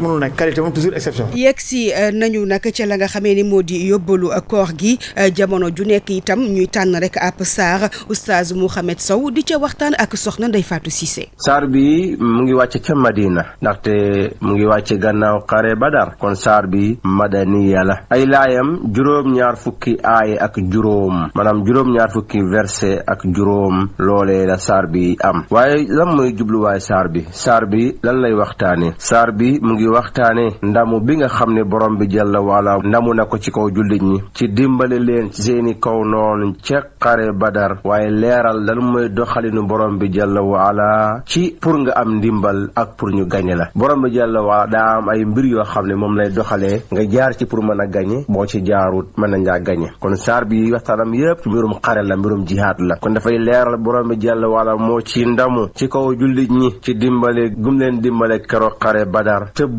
mënul nekk qualité moom toujours exception. yegg si euh, nañu nag ca la nga xamee ni moo di yóbbalu euh, koor gi euh, jamono ju nekk itam ñuy tànn rek ab saar oustaz Mouhamed Sow di ca waxtaan ak soxna Ndeye Fatou Cissé. saar bi mu ngi wàcce ca Madina ndaxte mu ngi wàcce gannaaw xare Badar kon saar bi madaniya la ay laayam juróom-ñaar fukki aaye ak juróom maanaam juróom-ñaar fukki verset ak juróom loolee saar bi am waaye lan mooy jubluwaay saar bi saar bi lan lay waxtaane saar bi mu ngi waxtaane ndamu bi nga xam ne borom bi jàlla waala ndamu na ko ci kaw jullit ñi ci dimbali leen ci seeni kaw noonu ca xare badar waaye leeral lan mooy doxalinu borom bi jàlla waala ci pour nga am ndimbal ak pour ñu gañe la borom bi jàlla waala daa am ay mbir yoo xam ne moom lay doxalee nga jaar ci pour mën a gañe boo ci jaarut mën nañ laa gañe kon saar bi waxtaanam yépp mbirum xare la mbirum jihaad la kon dafay leeral borom bi jàlla waala moo ci ndamu ci kaw jullit ñi ci dimbale gum leen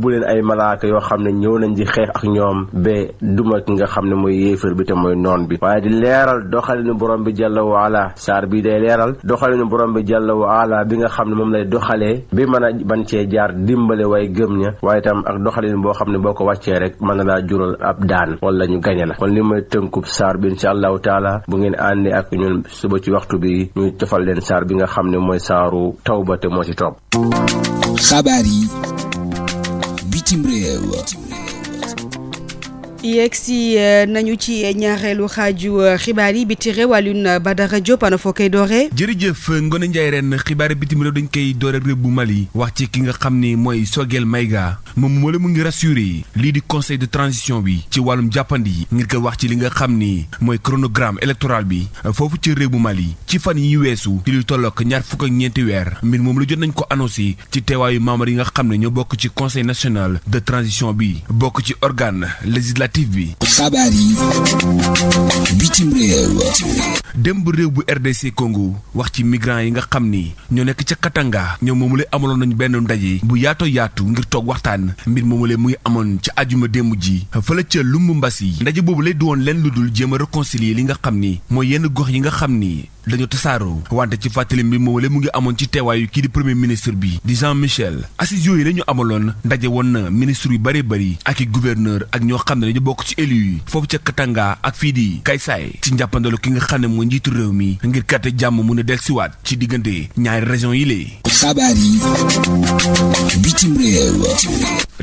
yóbbu leen ay malaaka yoo xam ne ñëw nañ di xeex ak ñoom ba duma ki nga xam ne mooy yéefar bi te mooy noon bi waaye di leeral doxalinu borom bi jàlla waala saar bii day leeral doxalinu borom bi jàlla waala bi nga xam ne moom lay doxalee bi mën a ban cee jaar dimbale way gëm ña waaye tam ak doxalin boo xam ne boo ko wàccee rek mën na laa jural ab daan wala ñu gañe la kon li mooy tënkub saar bi incha allahu taala bu ngeen àndee ak ñun suba ci waxtu bi ñu tofal leen saar bi nga xam ne mooy saaru tawba te moo ci topp bitim réew yegg si euh, nañu ci ñaareelu xaaju euh, xibaar yi biti réew Alioune Badara Diop ana foo koy dooree. jërëjëf Ngone Ndiaye ren xibaar bitim réew dañ koy doore réew bu Mali wax ci ki nga xam ni mooy Sogel mayga moom moo la mu ngi rassuré lii di conseil de transition bi ci wàllum jàppandi ngir ko wax ci li nga xam ni mooy chronogramme électoral bi foofu ci réew bu Mali ci fan yi weesu ci lu tollook ñaar fukk ak ñeenti weer mbir moom lu jot nañ ko annoncé ci teewaayu membre yi nga xam ne ñoo bokk ci conseil national de transition bi bokk ci organe administratif bi. xabaar yi bitim réew. démb réew bu RDC Congo wax ci migrant yi nga xam ni ñoo nekk ca Katanga ñoom moomu la amaloon nañu benn ndaje bu yaatoo yaatu ngir toog waxtaan mbir moomu la muy amoon ci ajuma démb ji fële ca yi ndaje boobu lay woon leen lu dul jéem a réconcilier li nga xam ni mooy yenn gox yi nga xam ni. dañu tasaaroo wante ci fàttali mbir moom la mu ngi amoon ci teewaayu kii di premier ministre bi di Jean Michel assises yooyu la ñu amaloon ndaje woon ministre yu bari bari ak bokk ci élu yi foofu ca Katanga ak fii di Kaysaay ci njàppandalu ki nga xam ne mooy njiitu réew mi ngir kat jàmm mun a dellusiwaat ci diggante ñaari région yi lee. xabaar yi bitim réew.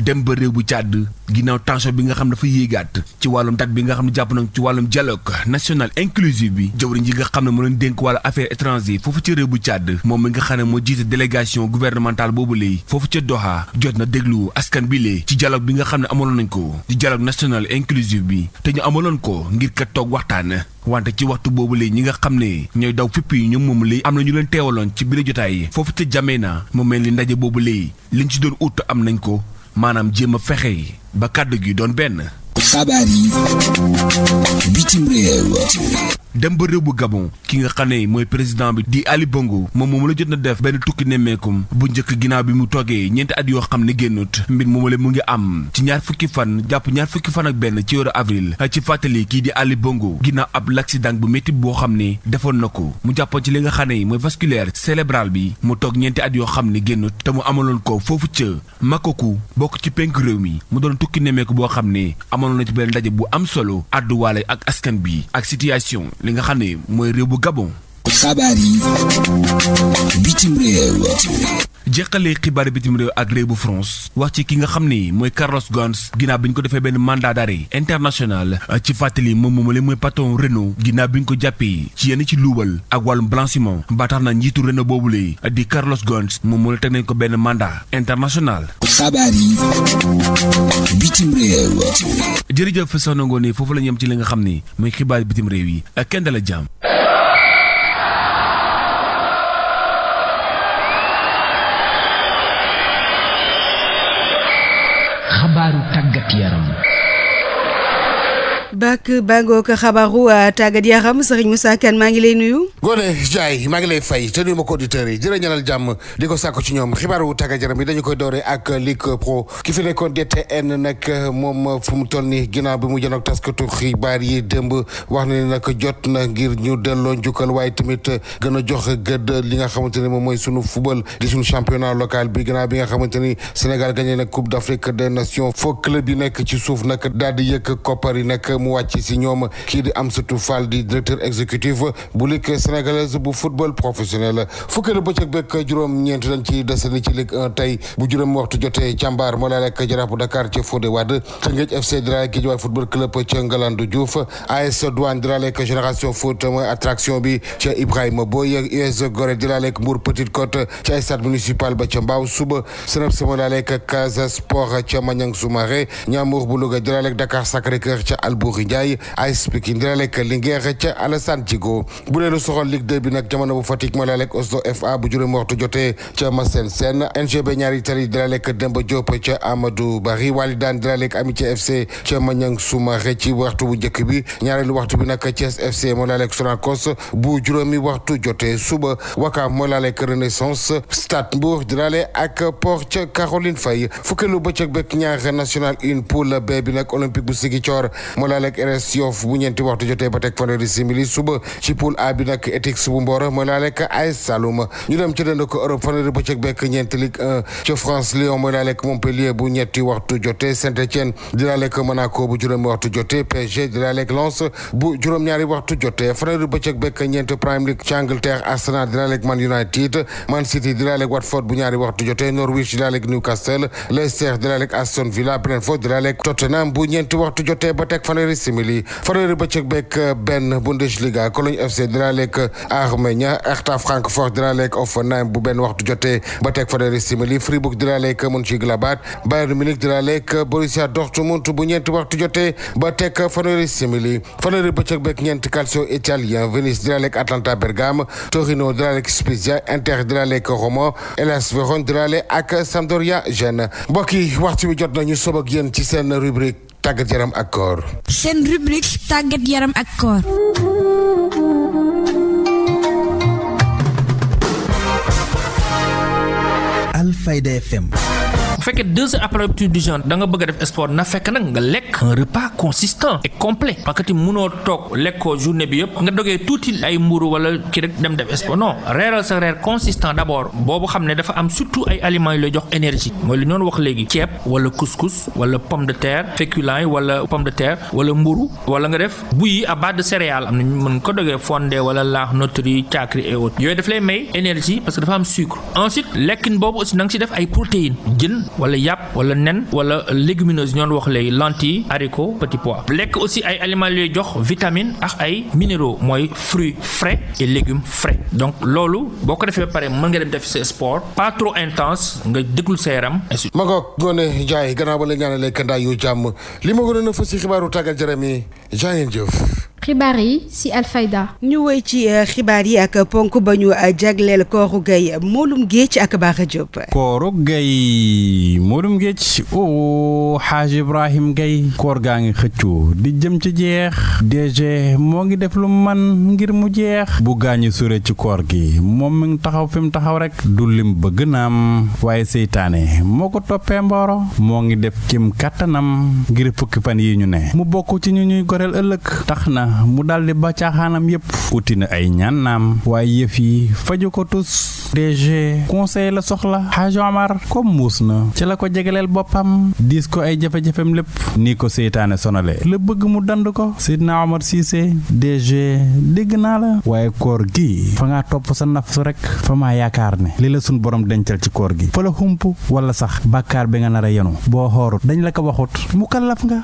dem ba bu Tchad ginnaaw tension bi nga xam dafa yéegaat ci wàllum date bi nga xam ne jàpp nañ ci wàllum dialogue national inclusive bi jëwriñ ji nga xam ne mu leen dénk wàllu affaire étranger foofu ca réew bu càdd moom mi nga xam ne moo jiite délégation gouvernementale boobu lee foofu ca Doha jot na déglu askan bi lee ci bi nga xam ne amaloon nañ école inclusive bi te ñu amaloon ko ngir kat toog waxtaan wante ci waxtu boobu la ñi nga xam ne ñooy daw fépp ñoom moom la am na ñu leen teewaloon ci biir jotaay foofu ca jamee na mu mel ni ndaje boobu la liñ ci doon ut am nañ ko maanaam jéem a fexe ba kàddu gi doon benn. xabaar yi bitim réew. dem ba réew bu Gabon ki nga xam ne mooy président bi di Ali Bongo moom moom la jot na def benn tukki nemmeekum bu njëkk ginnaaw bi mu toogee ñeenti at yoo xam ne génnut mbir moomale mu ngi am ci ñaar fukki fan jàpp ñaar fukki fan ak benn ci weeru avril ci fàttali kii di Ali Bongo ginnaaw ab l'accident bu métti boo xam ne defoon na ko mu jàppoon ci li nga xam ne mooy vasculaire cérébral bi mu toog ñeenti at yoo xam ne génnut te mu amaloon ko foofu ca Makoku bokk ci penk réew mu doon tukki nemmeeku boo xam ne amaloon na ci benn ndaje bu am solo àdduwaale ak askan bi ak situation li nga xam ne mooy réew Gabon xabaar yi bitim réew jeqalee xibaar bitim réew ak réew bu France wax ci ki nga xam ni mooy Carlos Ghosn ginnaaw bi ñu ko defee benn mandat d'arrêt international euh, ci fàttali moom moom mooy patron Renault ginnaaw bi ñu ko jàppee ci yenn ci luubal ak wàllum blanchiment ba tax na njiitu Renault boobule di Carlos Ghosn moom moo la teg ko benn mandat international. xabaar yi bitim réew. jërëjëf soxna foofu la ñu ci li nga xam ni mooy xibaar bitim réew yi ak kenn dala jàmm. yaram Bakk Bangook xabaaru ah, tàggat yaram Serigne Moussa Kane maa ngi lay nuyu. Ngoné Ndiaye maa ngi lay fay te nuyu ma ko auditeurs yi jërë ñaanal jàmm di ko sàkku ci ñoom xibaaru tàggat yaram yi dañu koy doore ak Ligue Pro ki fi nekkoon DTN nag moom fu mu toll nii ginnaaw bi mu jënoog taskatu xibaar yi démb wax na ni nag jot na ngir ñu delloo njukkal waaye tamit gën a jox gëdd li nga xamante ne moom mooy sunu football di sunu championnat local bi ginnaaw bi nga xamante ni Sénégal gagné nag Coupe d'Afrique des Nations fo club yi nekk ci suuf nag daal di yëkk koppar yi nag mu wàcc si ñoom kii di Amsatou Fall di directeur exécutif bu ligue sénégalaise bu football professionnel fukkeelu bëccëg bekk ci desani ci ligue bu juróom waxtu jotee càmbaar moo laa lekk jaraaf Dakar ca Fodé Wade Teungueth FC di laaleeg Guédiawaye football club ca Ngalandou Diouf AS Douane di laaleeg génération foot mooy bi ca Ibrahima Boye US Gorée di laaleeg Mbour Petite Côte ca stade municipal ba ca Mbao suba SNEIPS moo laaleeg Casa Sport ca Maniang Soumaré Ñamour bu Louga di laaleeg Boury Ndiaye AS Pikine dina lekk Linguère ca Alassane Djigo bu dee lu soxal Ligue bi nag jamono bu Fatick ma la lekk Oslo FA bu juróomi waxtu jotee ca Massène Sène NGB ñaari tali dina lekk Demba Diop ca Amadou Barry Walidane dina lekk Amitié FC ca Maniang Soumaré ci waxtu bu jëkk bi ñaareelu waxtu bi nag Thiès FC moo la lekk Sonacos bu juróomi waxtu jotee suba Wakaam moo la lekk Renaissance Stade Mbour dina lekk ak Port ca Caroline Faye fukkeelu bëccëg bekk ñaar national une poule B ak RS Yoff bu ñeenti waxtu jotee ba teg fanweeri simili suba ci poule A bi nag ETICS bu Mboro mooy laalek AS Saloum ñu dem ca dënd ko Europe fanweeri bëccëg bekk ñeenti Ligue 1 France Lyon mooy laalek Montpellier bu ñetti waxtu jotee Saint-Étienne di laalek Monaco bu juróomi waxtu jotee PSG di laalek Lens bu juróom-ñaari waxtu jotee fanweeri bëccëg bekk ñeenti Premier League ca Angleterre Arsenal di laalek Man United Man City di laalek Watford bu simili fanweeri bëccëg beeg euh, benn Bundesliga Cologne FC dina lekk Armenia Eintracht Frankfurt dina lekk Hoffenheim bu benn waxtu jotee ba teg fanweeri simili Fribourg dina lekk Mönchengladbach Bayern Munich dina lekk Borussia Dortmund bu ñeenti waxtu jotee ba teg fanweeri simili fanweeri bëccëg beeg ñeenti calcio italien Venise dina lekk Atalanta Bergame Torino dina lekk Spezia Inter dina lekk Roma Hellas Vérone dina lekk ak Sampdoria Gênes mbokk yi waxtu bi jot nañu sob ak yéen ci seen rubrique tàggat yaram ak koor. seen rubrique tàggat yaram ak koor. Alfayda bu fekkee deux heures après rupture du jeûne da nga bëgg a def sport na fekk nag nga lekk un repas consistant et complet parce que ti toog lekkoo journée bi yëpp nga dogee tuuti ay mburu wala kii rek dem def sport non reeral sa reer consistant d'abord boobu xam ne dafa am surtout ay aliments yu lay jox énergie mooy li ñoon wax léegi ceeb wala couscous wala pomme de terre féculents yi wala pomme de terre wala mburu wala nga def bouillie à base de céréales am na mën nga ko dogee fondé wala laax notri caakri et autres yooyu daf may énergie parce que dafa am sucre ensuite lekkin boobu aussi na nga si def ay protéines jën wala yàpp wala nen wala légumineuse ñoon wax léegi lentilles haricots petits pois lekk aussi ay aliments yooyu jox vitamine ak ay minéraux mooy fruits frais et légumes frais donc loolu boo ko defee pare mën nga dem def sa sport pas trop intense nga dëggul sa yaram ainsi. ma ngoog Ngoné Ndiaye gannaaw ba la ñaanalee kandaay yu jàmm li ma gënoon a fës si xibaaru tàggat jërëm yi jëf. xibaar yi ci Alfayda. ñu woy ci euh, xibaar yi ak ponk ba ñu euh, jagleel kooru gay moolum géej ak baax a jóob. kooru gay moolum géej o oh, xaaj Ibrahim Gay koor gaa ngi xëccoo di jëm ci jeex DG moo ngi def lu man ngir mu jeex bu gaañu sure ci koor gi moom mi taxaw fi mu taxaw rek du lim bëgg naam waaye seytaane moo ko toppee mbooro moo ngi def cim kàttanam ngir fukki fan yi ñu ne mu bokk ci ñu ñuy goreel ëllëg tax na mu daldi ba caaxaanam yépp uti na ay ñaanaam waaye yëf yi faju ko tus DG conseil la soxla xaaju Amar comme muus na ci la ko jegaleel boppam diis ko ay jafe-jafem lépp ni ko seytaane sonale la bëgg mu dand ko Seydina Omar Cissé DG dégg naa la waaye koor gi fa ngaa topp sa nafsu rek fa maa yaakaar ne li la sun borom dencal ci koor gi fa la hump wala sax bàkkaar bi nga nar a yenu boo xoorut dañ la ko waxut mu kallaf nga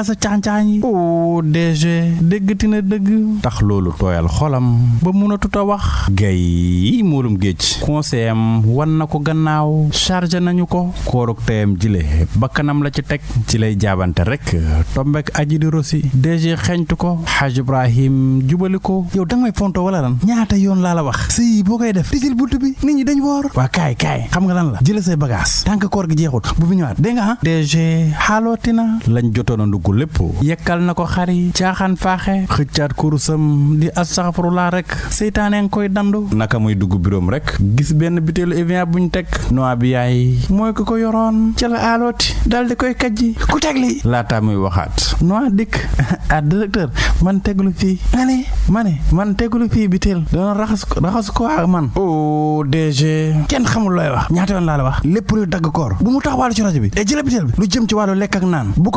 paasa caancaañ yi o oh, DG déggati na dëgg tax loolu tooyal xolam ba mënatut a wax gay moolum géej conseil am wan na ko gannaaw chargé nañu ko kooruk teyam jile bakkanam la ci teg ci lay jaabante rek tombek aji di rosi DG xeñtu ko xaj Ibrahim jubali ko yow danga may fonto wala lan ñaata yoon laa la wax sëy boo koy def tijjil bunt bi nit ñi dañ woor waa kaay kaay xam nga lan la jële say bagage tànk koor gi jeexut bu fi ñëwaat dégg nga ah DG ko lépp yekkal na ko xar yi caaxaan faaxe xëccaat kurusam di astaxfirullah rek seytaane nga koy dandu naka muy dugg biróom rek gis benn biteelu Evian bu ñu teg noa bi yaay mooy ko ko yoroon ca la aalooti di koy kajji ku teg li laata muy waxaat noa dikk a [LAUGHS] ah, directeur man teglu fii nga ne ma ne man teglu fii biteel dana raxas raxas ko ak man o oh, DG kenn xamul looy wax ñaata yoon laa la wax lépp luy dagg koor bu mu taxawaalu ci rajo bi e eh, jëla biteel bi lu lekk ak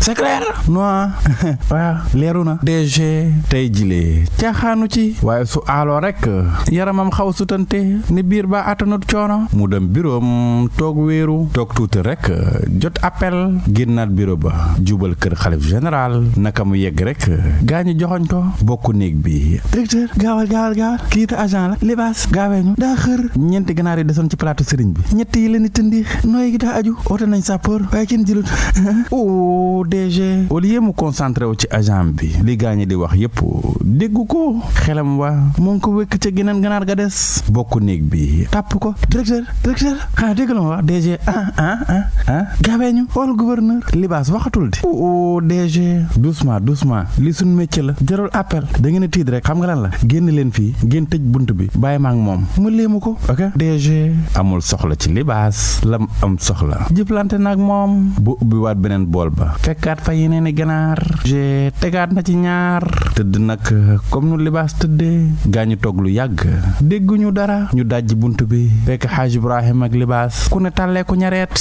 c'est clair noa [LAUGHS] waaw leeru na DG tey jilee caaxaanu ci waaye su aaloo rek yaramam xaw sutante ni biir baa attanut coono mu dem biroom toog wéeru toog tuuti rek jot appel génnaat biro ba jubal kër xalif général naka mu yegg rek gaañu joxoñ ko bokk néeg bi directeur gaawal gaawal gaawal kii te agent la libaas gaawee ñu daa xër ñeenti ganaar yi desoon ci plateau sëriñ bi ñett yi leen di nooy gi daa aju oote nañ sàppoor waaye kenn jilut [LAUGHS] taxawu DG au lieu mu concentré wu ci agent bi li gaañi di wax yépp déggu ko xelam wa mu ngi ko wékk ca geneen ganaar ga des bokk néeg bi tàpp ko directeur directeur xanaa ah, dégg la ma wax DG ah ah ah, ah. ñu xool gouverneur libaas waxatul de o oh, oh, DG doucement doucement li suñ métier la jarul appel da ngeen a tiit rek xam nga lan la génn leen fii ngeen tëj bunt bi bàyyi ma ngi moom mu léemu ko ok DG amul soxla ci libaas lam am soxla jëflante nag moom bu ubbiwaat beneen bool fekkaat fa yeneen i ganaar je tegaat na ci ñaar tëdd nag comme nu libaas tëddee gaañu toog lu yàgg dégguñu dara ñu dajji bunt bi fekk xaaj Ibrahim ak libaas ku ne tàllee ñareet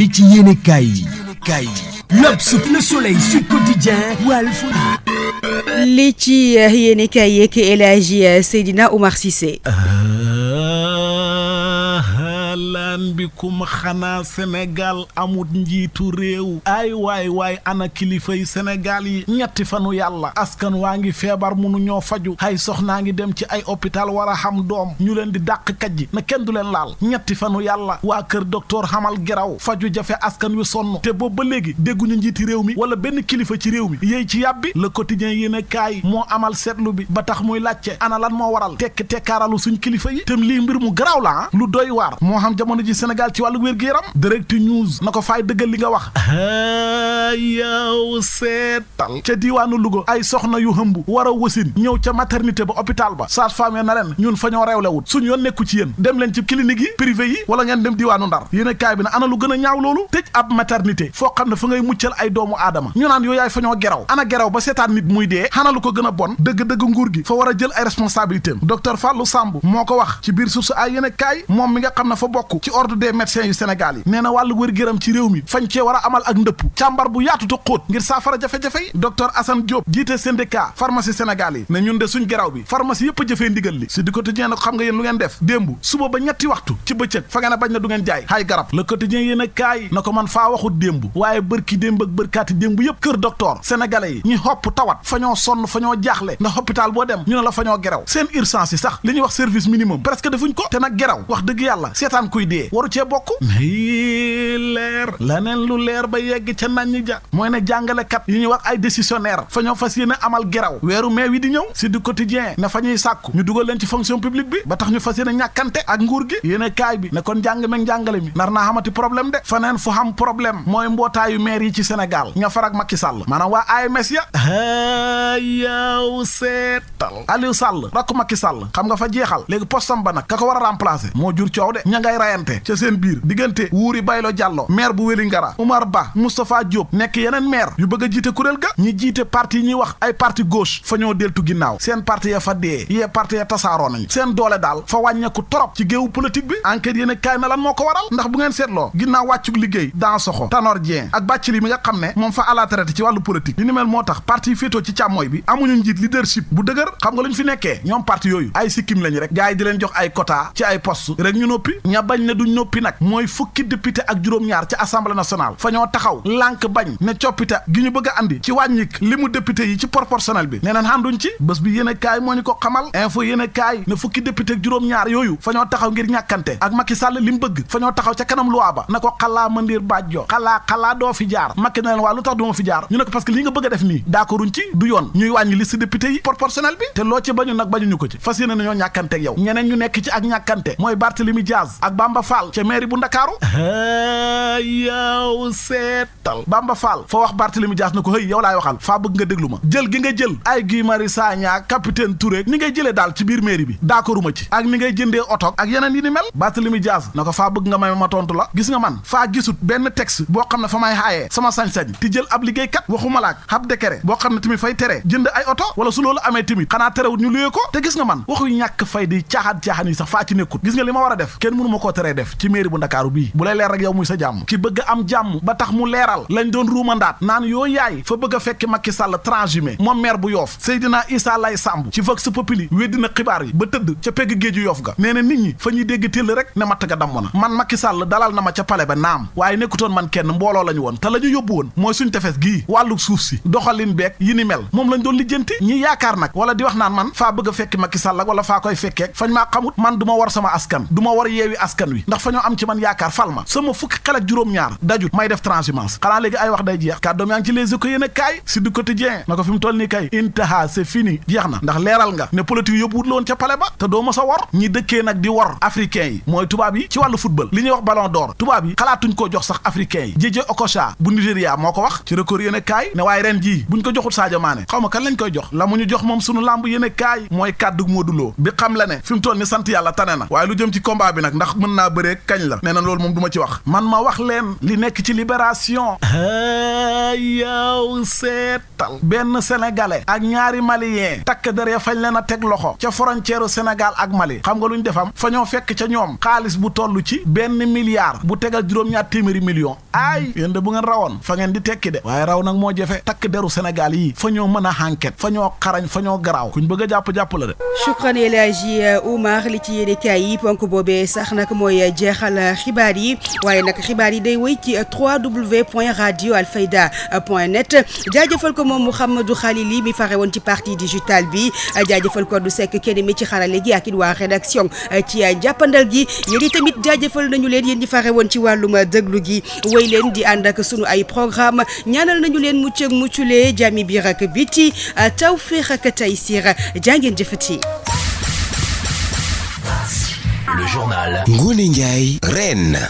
li ci yéene kaay yi kaay yi L'Obs, ci Seydina Omar Cissé ah. lan bi kum xanaa Sénégal amut njiitu réew ay waay waay ana kilifay senegal yi ñetti fanu yàlla askan waa ngi feebar mënu ñoo faju ay soxnaa ngi dem ci ay hôpital war xam doom ñu leen di dàq kajji na kenn du leen laal ñetti fanu yàlla waa kër docteur xamal garaw faju jafe askan wi sonn te boobu ba léegi dégguñu njiiti réew mi wala benn kilifa ci réew mi yéy ci yàbbi le quotidien yéen a kaay moo amal seetlu bi ba tax muy laajte ana lan moo waral tekk tekkaaralu suñ kilifa yi tam lii mbir mu garaaw la ah. ci ci wàllu wér-gu-yaram direct news na ko faay dëggal li nga wax yow seetal ca diiwaanu Louga ay soxna yu hëmb war a wasin ñëw ca maternité ba hôpital ba sage-femme yi na leen ñun fa ñoo reewlewut suñu yoon nekku ci yéen dem leen ci clinique yi privé yi wala ngeen dem diiwaanu Ndar yéen kaay bi na ana lu gën a ñaaw loolu tëj ab maternité foo xam ne fa ngay muccal ay doomu aadama ñu naan yooyu yaay fa ñoo geraw ana geraw ba seetaan nit muy dee xana lu ko gën bon dëgg-dëgg nguur gi fa war a ay responsabilité docteur Fallou Samb moo ko wax ci biir suuf ay yéen kaay moom mi nga xam ne fa bokk ordre des médecins yu Sénégal na wàllu a amal a jëfee ndigal li si di quotidien nag xam nga yéen lu ngeen def démb suba ba ñetti waxtu ci bëccëg fa ngeen a bañ na du ngeen jaay hay garab le quotidien yéen a kaay na ko man faa waxut démb waaye bërki démb ak bërkaati démb yëpp kër docteur sénégalais yi ñi xopp tawat fa ñoo sonn fa ñoo jaaxle ndax hôpital boo dem ñu ne la fa ñoo geraw seen urgence yi sax li ñuy wax service minimum presque defuñ ko te nag geraw wax dëgg yàlla seetaan kuy dee yee waru cee bokk mai leer laneen lu leer ba yegg ca nan ñi ja mooy ne jàngalekat yi ñuy wax ay décisionnaire fa ñoo fas yéene amal geraw weeru mai wi di ñëw si du quotidien ne fa ñuy sàkku ñu dugal leen ci fonction publique bi ba tax ñu fas yéene ñàkkante ak nguur gi yéene kaay bi ne kon jàng meeg njàngale mi nar naa xamati problème de faneen fu xam problème mooy mbootaayu maire yi ci senegal ña farak Macky Sall maanaam waa AMS ya ayaw seetal Aliou Sall Sall xam nga fa jeexal léegi postam ba nag ka ko war a remplacer moo jur jàppante ca seen biir diggante Wuri Baylo Jàllo maire bu Wélingara Umar Ba Moustapha Diop nekk yeneen maire yu bëgg a jiite kuréel ga ñi jiite parti yi wax ay parti gauche fa ñoo deltu ginnaaw seen parti ya fa dee yee parti ya tasaaroo seen doole daal fa wàññeeku torop ci géewu politique bi enquête yéen a kaay na moo ko waral ndax bu ngeen seetloo ginnaaw wàccuk liggéey dans soxo Tanor Dieng ak bàcc li mi nga xam ne moom fa à la ci wàllu politique di leen duñ noppi nag mooy fukki député ak juróom-ñaar ci assemblée nationale fa ñoo taxaw lànk bañ ne coppite gi ñu bëgg andi ci wàññik li mu député yi ci proportionnel bi nee neen ànduñ ci bés bi yéen a ñu ko xamal info yéen a ne fukki député ak juróom-ñaar yooyu fa ñoo taxaw ngir ñàkkante ak Macky Sall li mu bëgg fa ñoo taxaw ca kanam loi ba na ko xalaa mandiir baaj xalaa xalaa doo fi jaar Macky a def nii d'accorduñ ñu nekk ci ak ñàkkante Fall ca mairie bu Ndakaaru yaw seetal Bamba Fall fa wax Barthélemy Dias na ko hëy yow laay waxal faa bëgg nga déglu ma jël gi nga jël ay Guy Marius Sagna capitaine Touré ni nga jëlee daal ci biir mairie bi d'accorduma ci ak ni ngay jëndee oto ak yeneen yi ni mel Barthélemy Dias na ko faa bëgg nga may ma tontu la gis nga man faa gisut benn texte boo xam ne fa may xaayee sama sañ-sañ ti jël ab liggéeykat waxuma laak ab décret boo xam ne tamit fay tere jënd ay oto wala su loolu amee tamit xanaa terewut ñu ko te gis nga man waxu ñàkk fay di caaxaan caaxaan yi sax faa ci nekkut ma a def kenn mënu ma koo teree def def ci mairie bu ndakaaru bii bu lay leer rek yow muy sa jàmm ki bëgg am jàmm ba tax mu leeral lañ doon ruumandaat naan yoo yaay fa bëgg a fekki Macky Sall transhumé moom maire bu yoof Seydina Issa Lay Samb ci Vox Populi weddi na xibaar yi ba tëdd ca pegg géeju yoof ga nee na nit ñi fa ñuy dégg téll rek ne matt ga damm na man Macky Sall dalal na ma ca pale ba naam waaye nekkutoon man kenn mbooloo lañu woon te la ñu yóbbu woon mooy suñ tefes gii wàllu suuf si doxalin beeg yi ni mel moom lañ doon lijjanti ñi yaakaar nag wala di wax naan man faa bëgg a fekki Macky wala faa koy fekkeek fañ maa xamut man du ma war sama askan du ma war yeewi askan wi ndax fa ñoo am ci man yaakaar fal ma sama fukki xel juróom-ñaar dajut may def transhumance xanaa léegi ay wax day jeex kàddoom yaa ngi ci les échos yéen kaay si du quotidien na ko fi mu toll nii kay intaha c'est fini jeex na ndax leeral nga ne politique yóbbu la woon ca pale ba te doo ma sa wor ñi dëkkee nag di wor africain yi mooy tubaab yi ci wàllu football li ñuy wax ballon d'or tubaab yi xalaatuñ koo jox sax africain yi Jay-Jay Okocha bu Nigéria a kaay ne a kaay mooy la bëree kañ la nee na loolu moom du ma ci wax man ma wax leen li nekk ci libération yaw seetal benn sénégalais ak ñaari malien takk dara fañ leen a teg loxo ca frontière senegal ak Mali xam nga lu ñu defam fa fekk ca ñoom xaalis bu toll ci benn milliard bu tegal juróom-ñaar téeméeri million aay yéen de bu ngeen rawoon fa ngeen di tekki de waaye raw nag moo jafe takk deru Sénégal yi fa ñoo mën a enquête fa ñoo xarañ garaaw kuñ bëgg jàpp jeexal xibaar yi waaye nag xibaar yi day woy ci 3w point radio alfayda point net jaajëfal ko moom Mouhamadou Khalili mi fare woon ci partie digitale bi jaajëfal ko du sekk kenn mi ci xarale gi ak it waa rédaction ci jàppandal gi yéen tamit jaajëfal nañu leen yéen ñi fare woon ci wàllum déglu gi woy leen di ànd ak sunu ay programme ñaanal nañu leen mucc ak mucculee jàmmi biir ak biti tawféex tey taysiir jaa ngeen jëfati le journal Ngoné Ndiaye Reine